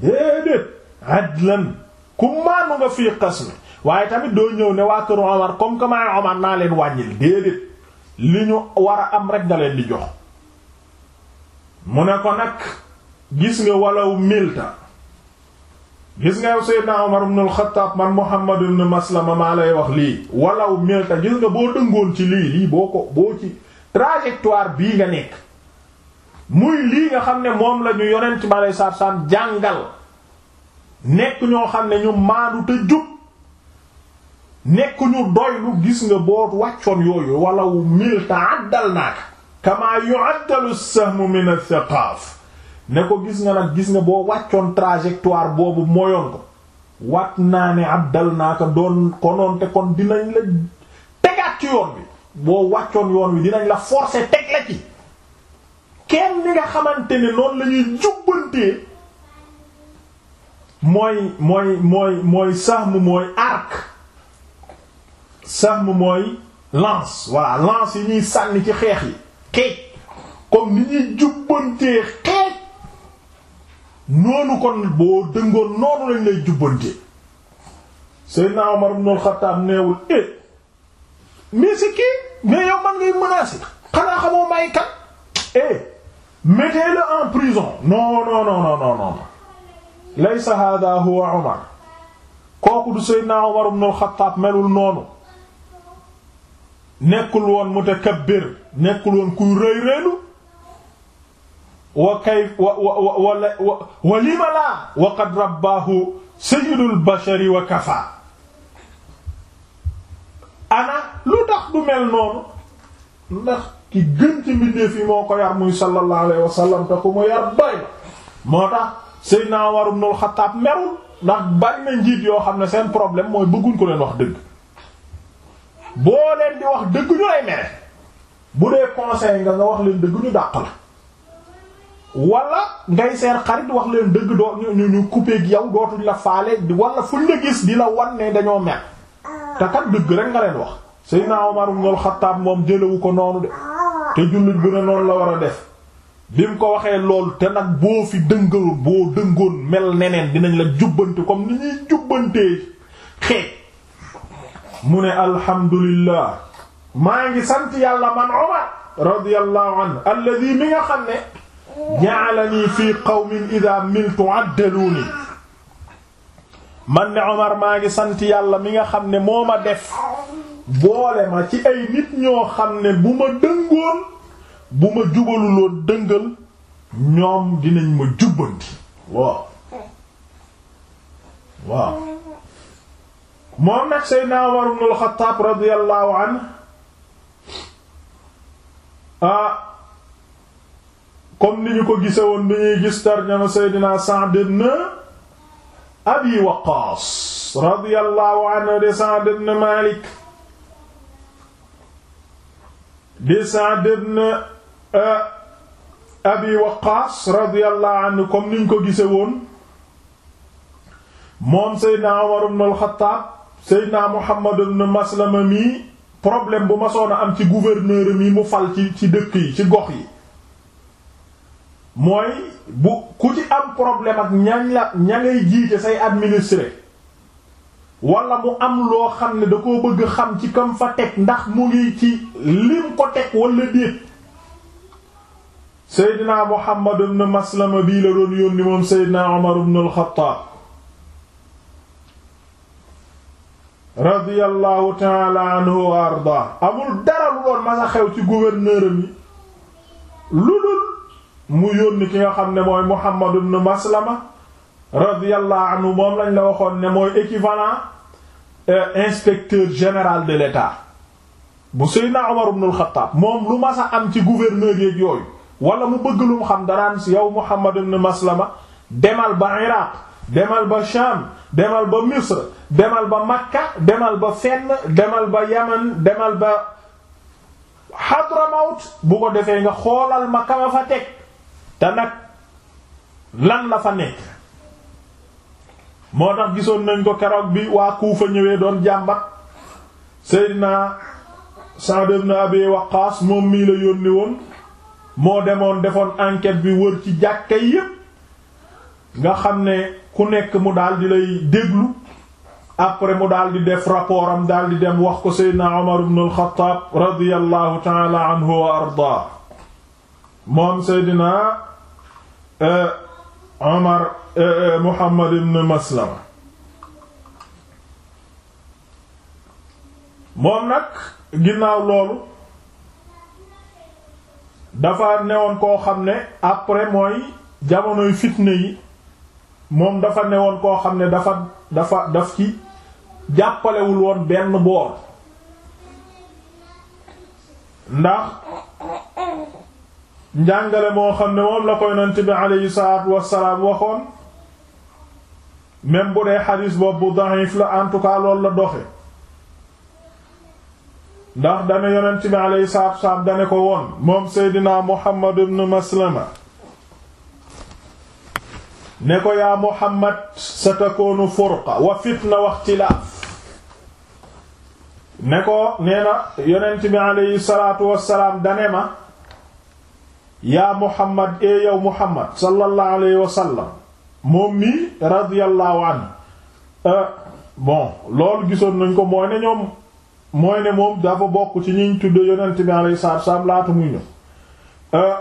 déedéet adlan ku nga fii qasmi waaye tamit doo ñëw ne waa këru Omar comme que naa leen wàññil déedéet li ñu war a am rek nga leen di jox mu ne ko nag gis nga walaw milta gis nga yow Seydina Omar ibn al-Khattab man Muhammad ibn Maslama maa lay wax lii walaw milta gis nga boo dëngoon ci lii lii boo ko boo ci trajectoire bii nga nekk muy lii nga xam ne moom la ñu yonent bi aleyhi salaatu jàngal nekk ñoo xam ne ñu maandu te jub nekk ñu doy gis nga boo wàccoon yooyu wala wu mil ta'addal naaka kamaa yu'addalu as-sahmu min ath-thaqaf ne ko gis nga nag gis nga boo wàccoon trajectoire boobu moyoon ko wat naa ne addal naaka doon konoon te kon dinañ la tegaat ci yoon bi boo wàccoon yoon wi dinañ la forcer teg la ci kenn ni nga xamante ne noonu la ñuy jubbantee mooy mooy mooy mooy mooy arc sahm mooy lance voilà lance yi ñuy sànni ci xeex yi xeej comme ni ñuy jubbantee xeej noonu kon boo dëngoon noonu lañ jubbantee Seydina Omar ibn al-Khattab neewul eh mais c'est qui mais yow man ngay xanaa xamoo may kan eh mettez-le en prison non non non non non non laysa hada huwa Umar kooku du Seydina Umar ibn al-Khattab melul noonu nekkul woon mutakabbir nekkul woon kuy rëy rëylu wa kay wa wa wa wa lima laa wa qad rabbaahu sayyidul bashari wa kafa ana lu tax du mel noonu ndax ki gën ci mbindeef yi moo ko yar muy sallallahu alayhi wa sallam te ku mu yar bay moo tax Seydina Umar ibn al-Khattab merul ndax bari njiit yoo xam ne seen problème mooy bëgguñ ko leen wax dëgg boo leen di wax dëgg ñu lay mere bu dee conseil nga nga wax leen dëgg ñu dàq la wala ngay seen xarit wax leen dëgg doo ñu ñu coupé ak yow dootuñ la faale wala fuñ la gis di la wan ne dañoo mer te kat dëgg rek nga leen wax Seydina Umar ibn al-Khattab moom jëlewu ko noonu de te jullit bu ne noonu la war a def bi mu ko waxee loolu te nag boo fi dëngal boo dëngoon mel neneen dinañ la jubbante comme ni ñuy jubbantee xeej mu ne alhamdulillah maa ngi sant yàlla man Umar radiyallahu anhu alladhi mi nga xam ne ja'alani fi qawmin idha miltu addaluni man ne Umar maa ngi sant yàlla mi nga xam ne moo ma def boole ma ci ay nit ñoo xam ne bu ma dëngoon bu ma jubaluloon dëngal ñoom dinañ ma jubbanti waaw waaw moom nag Seydina Umar ibn al-Khattab radiyallahu anhu ni ñu ko gise woon bi ñuy gis tarjama Seydina Sa'd ibn Abi Waqqas radiyallahu anhu de Malik di Sa'd ibn uh, Abi Waqqas radiyallahu comme niñ ko gise woon moom Seydina Umar ibn al-Khattab Seydina Muhammad ibn Maslama mi problème bu masoon a am ci gouverneur mi mu fal ci ci dëkk yi ci gox yi mooy bu ku ci am problème ak ñañ la ña ngay say administré wala mu am loo xam ne da koo bëgg xam ci kam fa teg ndax mu ngi ci lim ko teg wala déet Seydina Muhammad ibn Maslama bii la doon yónni moom Seydina Umar ibn al-Khattab radiyallahu anhu wa arda amul dara lu doon masa xew ci gouverneur mi lu dul mu yónni ki nga xam ne mooy Muhammad ibn Maslama radiyallahu anhu moom lañ la waxoon ne mooy équivalent euh, inspecteur général de l'État bu Seydina Omar ibn al moom lu mas a am ci gouverneur yeeg yooyu wala mu bëgg xam danaan si yow Muhammad ibn Maslama demal ba Iraq demal ba Sham demal ba Misr demal ba Makka demal ba fenn demal ba Yaman demal ba Hadramaut bu ko defee nga xoolal ma kama fa teg te nag lan la fa nekk moo tax gisoon nañ ko keroog bi waa Kuufa ñëwee doon jàmbat Seydina Sa'd ibn Abi Waqqaas moom mii la yónni woon moo demoon defoon enquête bi wër ci jàkka yépp nga xam ne ku nekk mu daal di lay déglu après mu daal di def rapport am daal dem wax ko Seydina Omar ibn al-Khattab radiyallahu wa ardaa moom Seydina euh, Omar eh, eh, Muhammad ibn Maslama moom nag ginnaaw loolu dafa newoon koo xam ne après mooy jamonoy fitne yi moom dafa newoon koo xam ne dafa dafa daf ci jàppalewul woon benn boor ndax njàngale moo xam ne moom la koy yonent bi aleyhi wassalaam waxoon même bu boobu daif la en tout loolu la doxe ndax dane yonent bi aleyhi salaatu wassalaam dane ko woon moom seydinaa Muhammad ibn Maslama ne ko yaa Muhammad satakoonu furqa wa fitna wa ixtilaaf ne ko nee na yonent bi wassalaam dane ma yaa muhammad e yow muhammad sallallahu alayhi wa sallam moom mi radiyallahu anhu eh, bon loolu gisoon nañ ko mooy ne ñoom mooy ne moom dafa bokk ci ñi ñu tudd yonent bi alayhi salaatu salaam laata muy ñëw eh,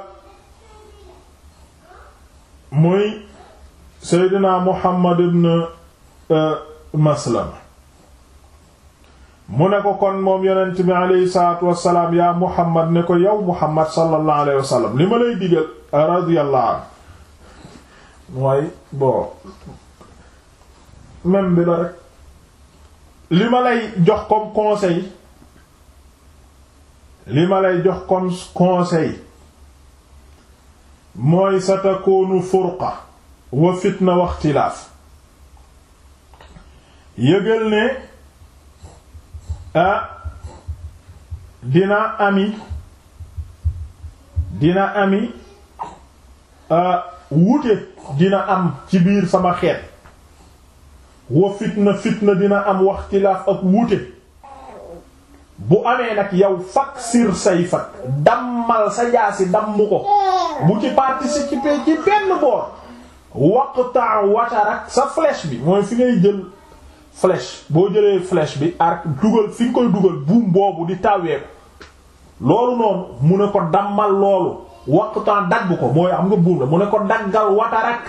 muy seydina muhammad ibn maslama mu ne ko kon moom yonent bi aleyhi salaatu wassalaam yaa muhammad ne ko yow muhammad sallallahu alayhi wasallam li ma lay digal radiyallahu an mooy bon même bi la rek li ma lay jox comme conseil li ma lay jox comme conseil mooy sa takoonu furqa wa fitna wa yëgal ne dina ami dina ami ah wuute dina am ci biir sama xeet wa fitna fitna dina am waxtilaaf ak wuute bu amee nag yow fak sir say fak dammal sa jaasi damm ko bu ci participer ci benn boor waqta watarak sa flèche bi mooy fi ngay jël flèche boo jëlee flèche bi arc dugal fi nga koy dugal buum boobu di tawee ko loolu noonu mu ne ko dammal loolu waqtan dagg ko mooy am nga buum la mu ne ko daggal watarak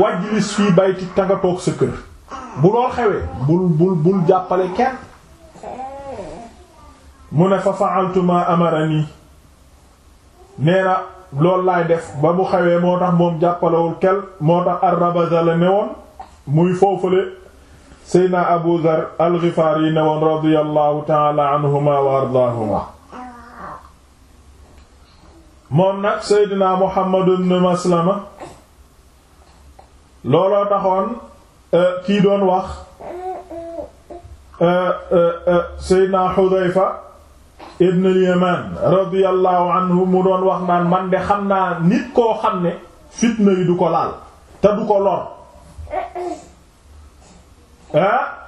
wajlis fii bayti tanga toog sa kër bu loo xewee bul bul bul jàppale kenn mu ne fa fa'altu ma amarani nee na loolu laay def ba mu xewee moo tax moom jàppalewul kel moo tax ar-Rabaza la newoon muy foofale seydna abu dhar alxifaar yi ne woon radiallahu taala anhuma wa ardaahuma moom nag seydna muhammad ibn maslama looloo taxoon euh, kii doon wax euh, euh, seydna xudayfa ibn alyamaan radiallahu anhu mu doon wax naan man de xam naa nit koo xam ne fitna yi du ko laal te du ko lor ah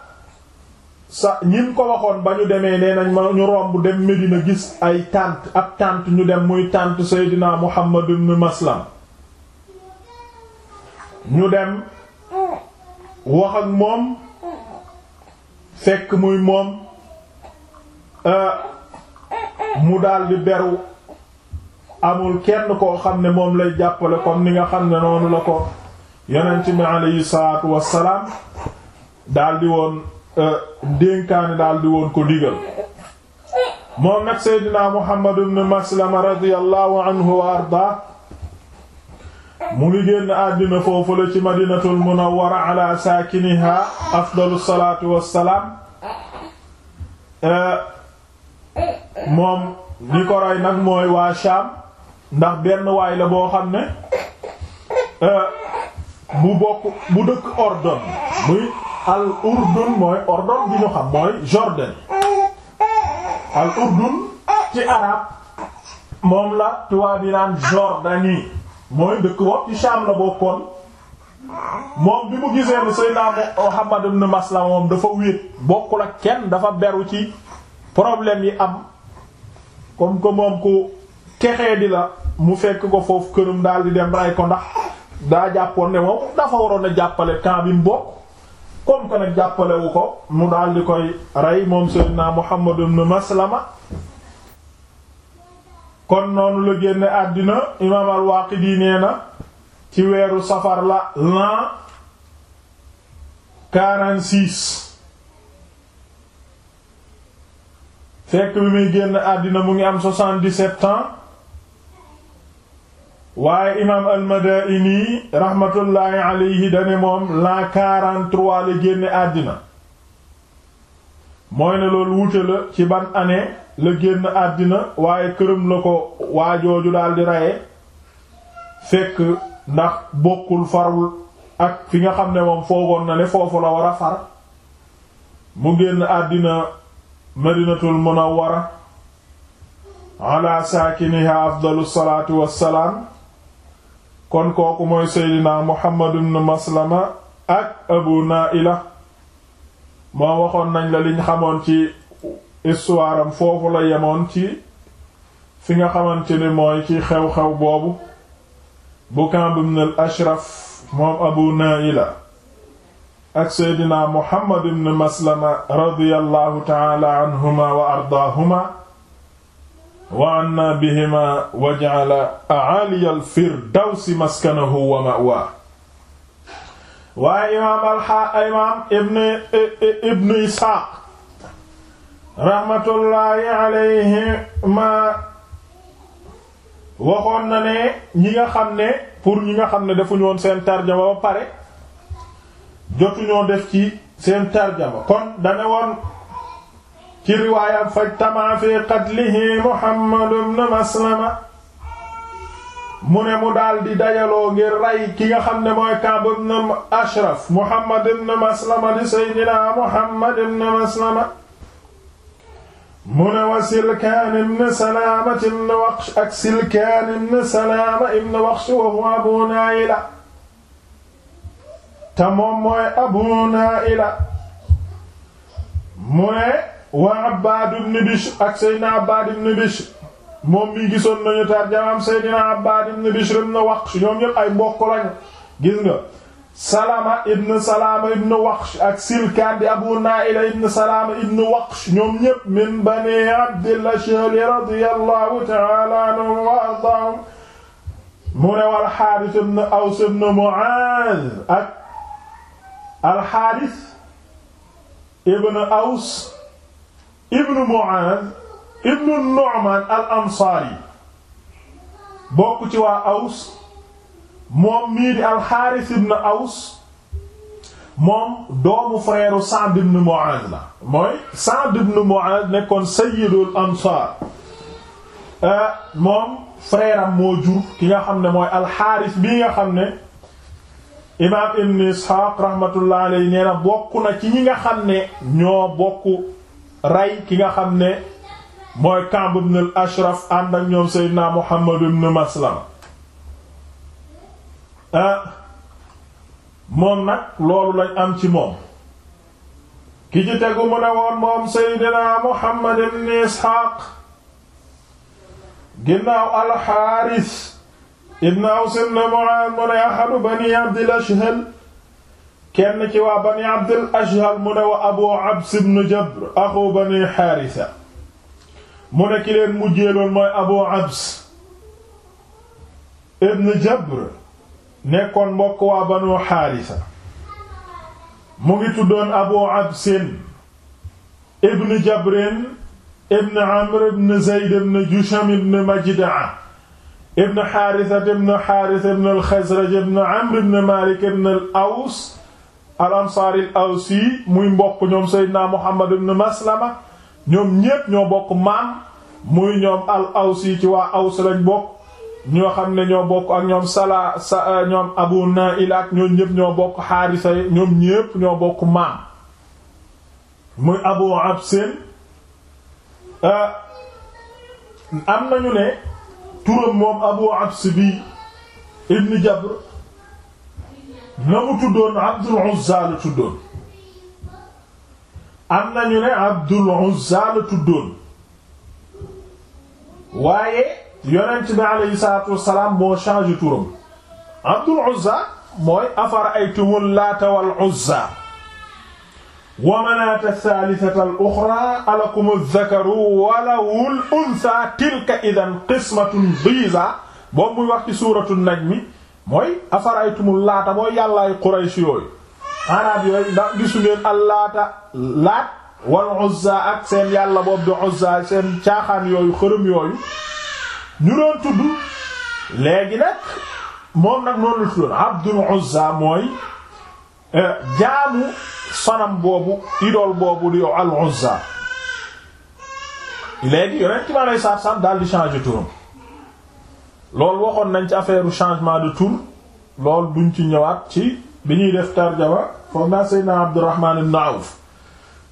sa ñim ko waxoon ba ñu demee nee na ma ñu romb dem Medina gis ay tànt ab tànt ñu dem muy tànt Seydina Muhammad ibn Maslam ñu dem wax ak moom fekk muy moom euh, mu daldi beru amul kenn koo xam ne moom lay jàppale comme ni nga xam ne noonu la ko yonent bi alayhi salaatu wassalaam daal di woon euh, dénkaane daal di woon ko digal moom nag seydinaa Muhammad ibn Maslama radiyallahu anhu wa ardaa mu ngi génn àddina foofu la ci madinatul munawwara ala saakiniha afdalu salaatu wassalaam euh, moom ñi ko nag mooy waa Shaam ndax benn waay la boo xam ne euh, bu bokk bu dëkk ordon al urdun mooy ordon bi ñu xam mooy Jordan al urdun ci arab moom la tubaab yi naan Jordanie mooy dëkk wopp ci Sham la bokkoon moom bi mu gisee ni Seydina Muhammad ibn Maslama moom dafa wéet bokkul ak kenn dafa beru ci problème yi am kom que moom ku texee di la mu fekk ko foofu këram daal di dem ray ko ndax daa jàppoon ne moom dafa waroon a jàppale temps bokk comme que nag jàppalewu ko mu daal di koy rey moom Seydina Muhammad ibn Maslama kon noonu la génne àddina imaam al-Waaqidi nee na ci weeru safar la l'an fekk bi muy génn àddina mu ngi am 77 ans waaye imaam al-Madaini rahmatullahi alayhi dane moom l'an 43 la génne àddina mooy ne loolu wuute la ci ban année la génn àddina waaye këram la ko waajooju daal di reye fekk ndax bokkul farul ak fi nga xam ne moom foogoon na ne foofu la war a far mu génn àddina madinatul munawwara ala saakiniha afdalu salaatu wassalaam kon kooku mooy seydina muhammad ibn maslama ak abu naila moo waxoon nañ la liñ xamoon ci histoire foofu la yemoon ci fi nga xamante ne mooy ci xew-xew boobu bu Kaab ibn al ashraf moom abu naila ak seydina muhammad ibn maslama radiyallahu taala anhuma wa ardaahuma wa anna bihima wa ja'ala a'ali al-firdawsi maskanahu wa ma'waahu waaye imaam al imaam ibn ibn Isxaaq rahmatullaahi waxoon na ne ñi nga xam ne pour ñi nga xam ne defuñu woon seen tarjama ba pare jotuñoo def ci seen tarjama kon dane woon ci riwaaya fajtama fi qatlihi Muhammad ibn Maslama mu ne mu daal di dajaloo ngir rey ki nga xam ne mooy Ka'b ibn Ashraf Muhammad ibn Maslama di Seydina Muhammad ibn Maslama mu ne wa Silkaan ibn Salaama ibn Waqsh ak Silkaan ibn Salaama ibn Waqsh wa huwa Abu Naa'ila te moom mooy Abu Naa'ila mu ne wa Abbaad ibn Bishr ak Seydina Abbaad ibn Bishr moom mii gisoon nañu tarjamaam Seydina Abbaad ibn Bishr ibn Waqsh ñoom ñëpp ay mbokk lañu gis nga Salama ibn Salama ibn Waqsh ak Silkaan di Abu Naa'ila ibn Salama ibn Waqsh ñoom ñëpp min Bani Abdil Ashhal radiyallahu ta'ala anhum wa ardaahum mu ne wal Haaris ibn Aws ibn Mu'aaz ak al Haaris ibn Aws ibnu Mu'aaz ibnu Nu'maan al ansaari bokk ci waa Aws moom mii di alxaaris ibnu Aws moom doomu frère Sa'd ibnu Mu'aaz la mooy Sa'd ibnu Mu'aaz nekkoon sayyidul ansaar euh, moom frère am moo jur ki nga xam ne mooy alxaaris bi nga xam ne imaam ibnu Isxaaq rahmatullah alayhi nee na bokk na ci ñi nga xam ne ñoo bokk rey ki nga xam ne mooy Ka'b ibn ashraf ànd ak ñoom Seydina Muhammad ibn Maslama ah, moom nag loolu lañ am ci moom ki ci tegu mu woon moom Seydina Muhammad ibn Isxaaq ginnaaw al-Haaris ibn Aws ibn Mu'aaz mu ne ahadu bani Abdil kenn ci waa bani abdul ashhal mu ne wa abu abs ibn jabr axu bani xaarisa mu ne ki leen mujjeeloon mooy abu abs ibn jabr nekkoon mbokk waa banu xaarisa mu ngi tuddoon abu absin ibn jabrin ibn amr ibn zayd ibn jusham ibn majdaa ibn xaarisa ibn xaarisa ibn al xasraj amr ibn malik ibn al al ansaari awsi muy mbokk ñoom seydina muhammad ibn maslama ñoom ñépp ñoo bokk maam muy ñoom al awsi ci waa aws lañ bokk ñoo xam ne ñoo bokk ak ñoom sala sa euh, ñoom abu nail ak ñoom ñépp ñoo bokk xaarisa ñoom ñépp ñoo bokk maam muy abu absin euh, am nañu ne turam moom abu abs bi ibn jabr na mu tuddoon Abdul Uzza la tuddoon am nañu ne Abdul Uzza la tuddoon waaye yonent bi alayhi salaatu wassalaam moo changé turam Abdul Uzza mooy afara ay tumul laata wal Uzza wa manaata thalithata al uxra alakum adh-dhakaru wa lahul untha tilka idhan qismatun dhiza boobu muy wax ci suuratu najmi mooy afaraytumul laata mooy yàllaay Quraysh yooyu arab yooyu ndax gisu ngeen al laata laat wal Uzza ak seen yàlla boobu di seen caaxaan yooyu xërëm yooyu ñu doon tudd léegi nag moom nag noonu la tuddoon Abdul Uzza mooy eh, jaamu sanam boobu idole boobu di al Uzza léegi yonent ma lay saar saar daal di changer loolu waxoon nañ ci affaire changement de tour lool duñ ci ñëwaat ci bi ñuy def tarjama foog naa Seydina Abdurrahman ibn Awf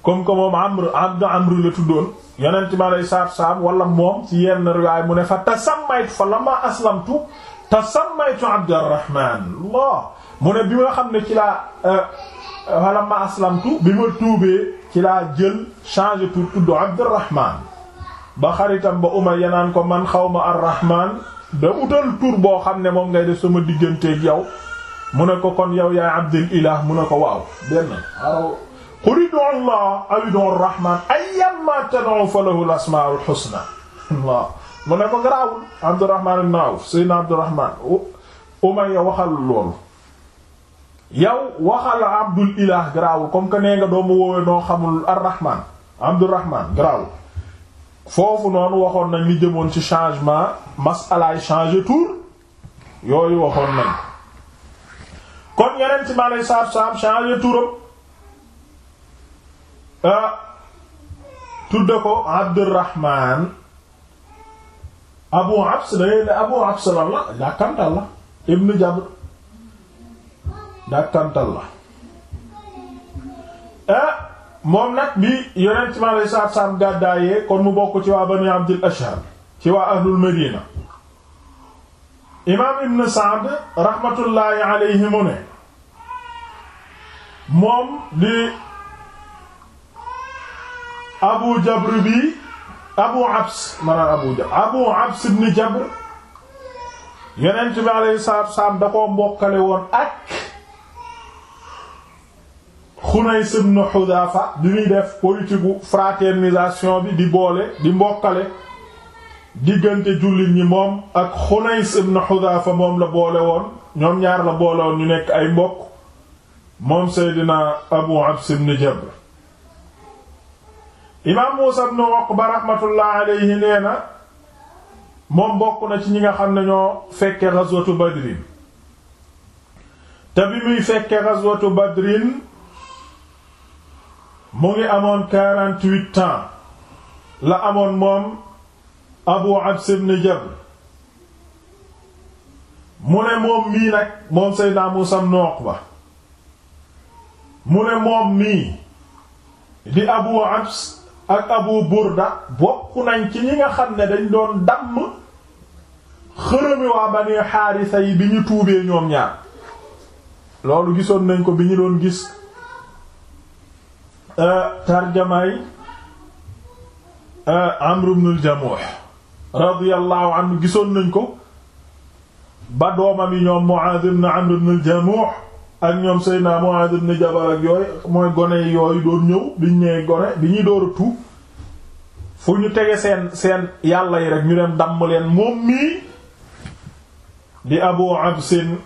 comme que moom Amr Abd Amr la tuddoon yonent ma lay saab saab wala moom ci yenn riwaay mu ne fa tasammaytu fa lama aslamtu tasammaytu Abdurrahman Allah mu ne bi nga xam ne ci laa euh, fa lama aslamtu bi ma tuubee ci laa jël changer tur tudd Abdurrahman ba xaritam ba Umayya naan ko man xawma Ar-Rahman da tur boo xam ne moom ngay def sama digganteeg yow mu ne ko kon yow yaay abdil ilah mu ne ko waaw benn waaw qul ud'u allah aw ud'u rahman ayyamma tad'u falahu al-asma'ul husna mu ne ko garaawul abdurrahman ibn awf sayyidina abdurrahman umayya waxal loolu yow waxal abdul ilah garaawul comme que nee nga doomu woowee noo xamul ar rahman abdurrahman garaawul foofu noonu waxoon nañ li jëmoon ci changement masalaay changer tour yooyu waxoon nañ kon yeneen ci ma lay saab saab changer turam euh, tudde ko Abdurrahman Abu Abs dangay ne Abu Abs lan la dàkkantal la ibnu Jabr dàkkantal la euh, moom nag bi yonent mi alayhi salaatu salaam gàddaayee kon mu bokk ci waa banu Abdul Ashhal ci waa ahlul Madina imaam Ibn Sa'd rahmatullaahi alayhi mu ne moom di Abu Jabr bi Abu Abs maanaam Abu Jabr Abu Abs ibn Jabr yonent mi alayhi salaatu salaam da koo mbokkale woon ak Xunays ibn Hudaafa bi muy def politique bu bi di boole di mbokkale diggante jullit ñi moom ak Xunays ibn Hudaafa moom la boole woon ñoom ñaar la boole woon ñu nekk ay mbokk moom Seydina Abu Abs ibn Jabr imaam Muusaa ibn Uqba rahmatullah alayhi nee na moom bokk na ci ñi nga xam ne ñoo fekke ghazwatu Badrin te bi muy fekke ghazwatu Badrin mu ngi amoon quarante-huit la amoon moom Abu Abs ibn Jabr mu ne moom mii nag moom Seydina Muusaa ibn Uqba mu ne moom mii di Abu Abs ak Abu Burda bokk nañ ci ñi nga xam ne dañ doon damm xërëmi waa Bani Haarisa yi bi ñu tuubee ñoom ñaar loolu gisoon nañ ko bi ñu doon gis Euh, tarjamaay euh, Amr ibn al-Jamuh gisoon nañ ko ba doomam yi ñoom Mu'adh ibn Amr ibn ak ñoom Seydina Mu'adh ibn Jabal ak yooyu mooy gone yooyu doon ñëw biñ nee gone bi ñuy dóor a tuub fu ñu tege seen seen yàlla yi rek ñu dem damm leen moom mii di Abu Absin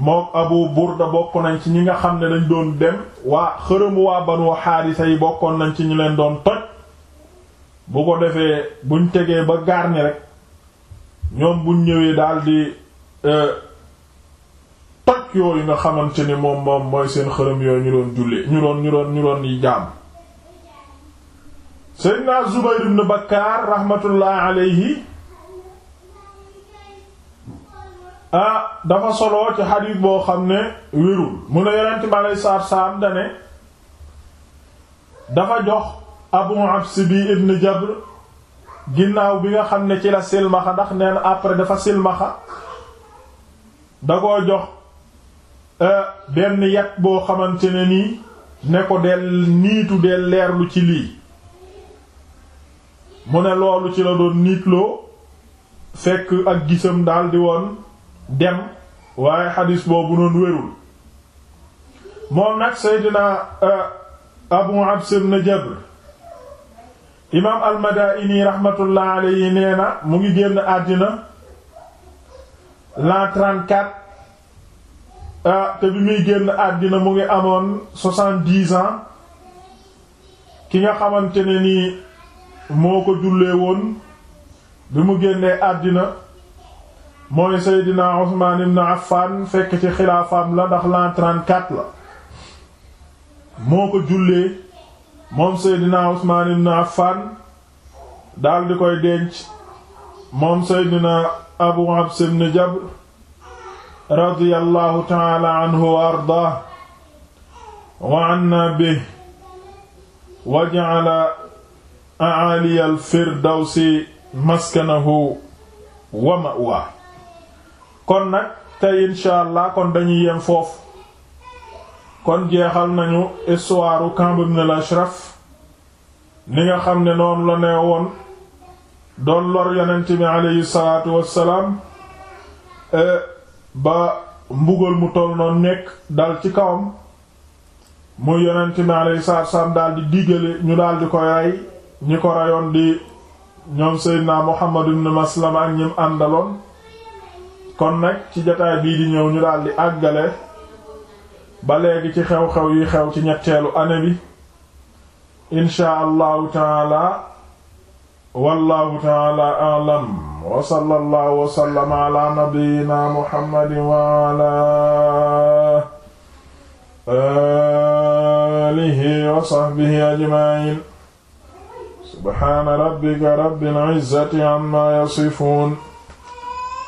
moom abu burda bokk nañ ci ñi nga xam ne dañ doon dem waa xërëmu waa banu xaarisa yi bokkoon nañ ci ñu leen doon toj bu ko defee buñ tegee ba gaar ni rek ñoom buñ ñëwee daldi e, toj yooyu nga xamante ni moom moom mooy seen xërëm yooyu ñu doon jullee ñu doon ñu doon ñu doon yi jaam seydina zubayr ibn bakkaar raxmatullaahi alayhi ah dafa solo ci xadiis boo xam ne wérul mu ne yonent bi aleyhi salaatu salaam dane dafa jox Abu Abs bi ibn Jabr ginnaaw bi nga xam ne ci la silmaxa ndax nee na après dafa silmaxa da koo jox eh, benn yat boo xamante ne nii ne ko del niitu del leerlu ci lii mu ne loolu ci la doon niitloo fekk ak gisam daldi woon dem waaye xadis boobu noonu wérul moom nag seydina euh, abu abs ibn jabr imaam na mu ngi génn àddina l'an 34 euh, te bi muy génn àddina mu ngi amoon soixante-dix ans ki nga xamante ne nii moo ko jullee woon bi mu génnee àddina mooy Seydina Usmaan ibn Affan fekk ci xilaafaam la ndax l'an 34 la moo ko jullee moom Seydina Usmaan ibn Affan daal di koy denc moom Seydina Abu Habs ibn Jabr radiyallahu ta'ala anhu wa ardaah wa anna bihi wa ja'ala a'ali al-firdawsi maskanahu wa ma'waahu kon nag tey insha kon dañuy yem foofu kon jeexal nañu histoire Kamb ibn al ni nga xam ne noonu la doon lor yonent bi aleyhi salaatu wassalaam e, ba mbugal mu toll noonu nekk dal ci kawam muy yonent bi aleyhi salaatu wassalaam di diggale ñu daal di ko rey ñi ko reyoon di ñoom Seydina Muhammad ibn Maslama ak ñim àndaloon kon nag ci jotaay bii di ñëw ñu ci xew-xew yi xew ci ñetteelu année bi inchaa allahu taala wallahu taala a'lam wa wa sallama ala nabiyyina muhammadin wa ala alihi wa sahbihi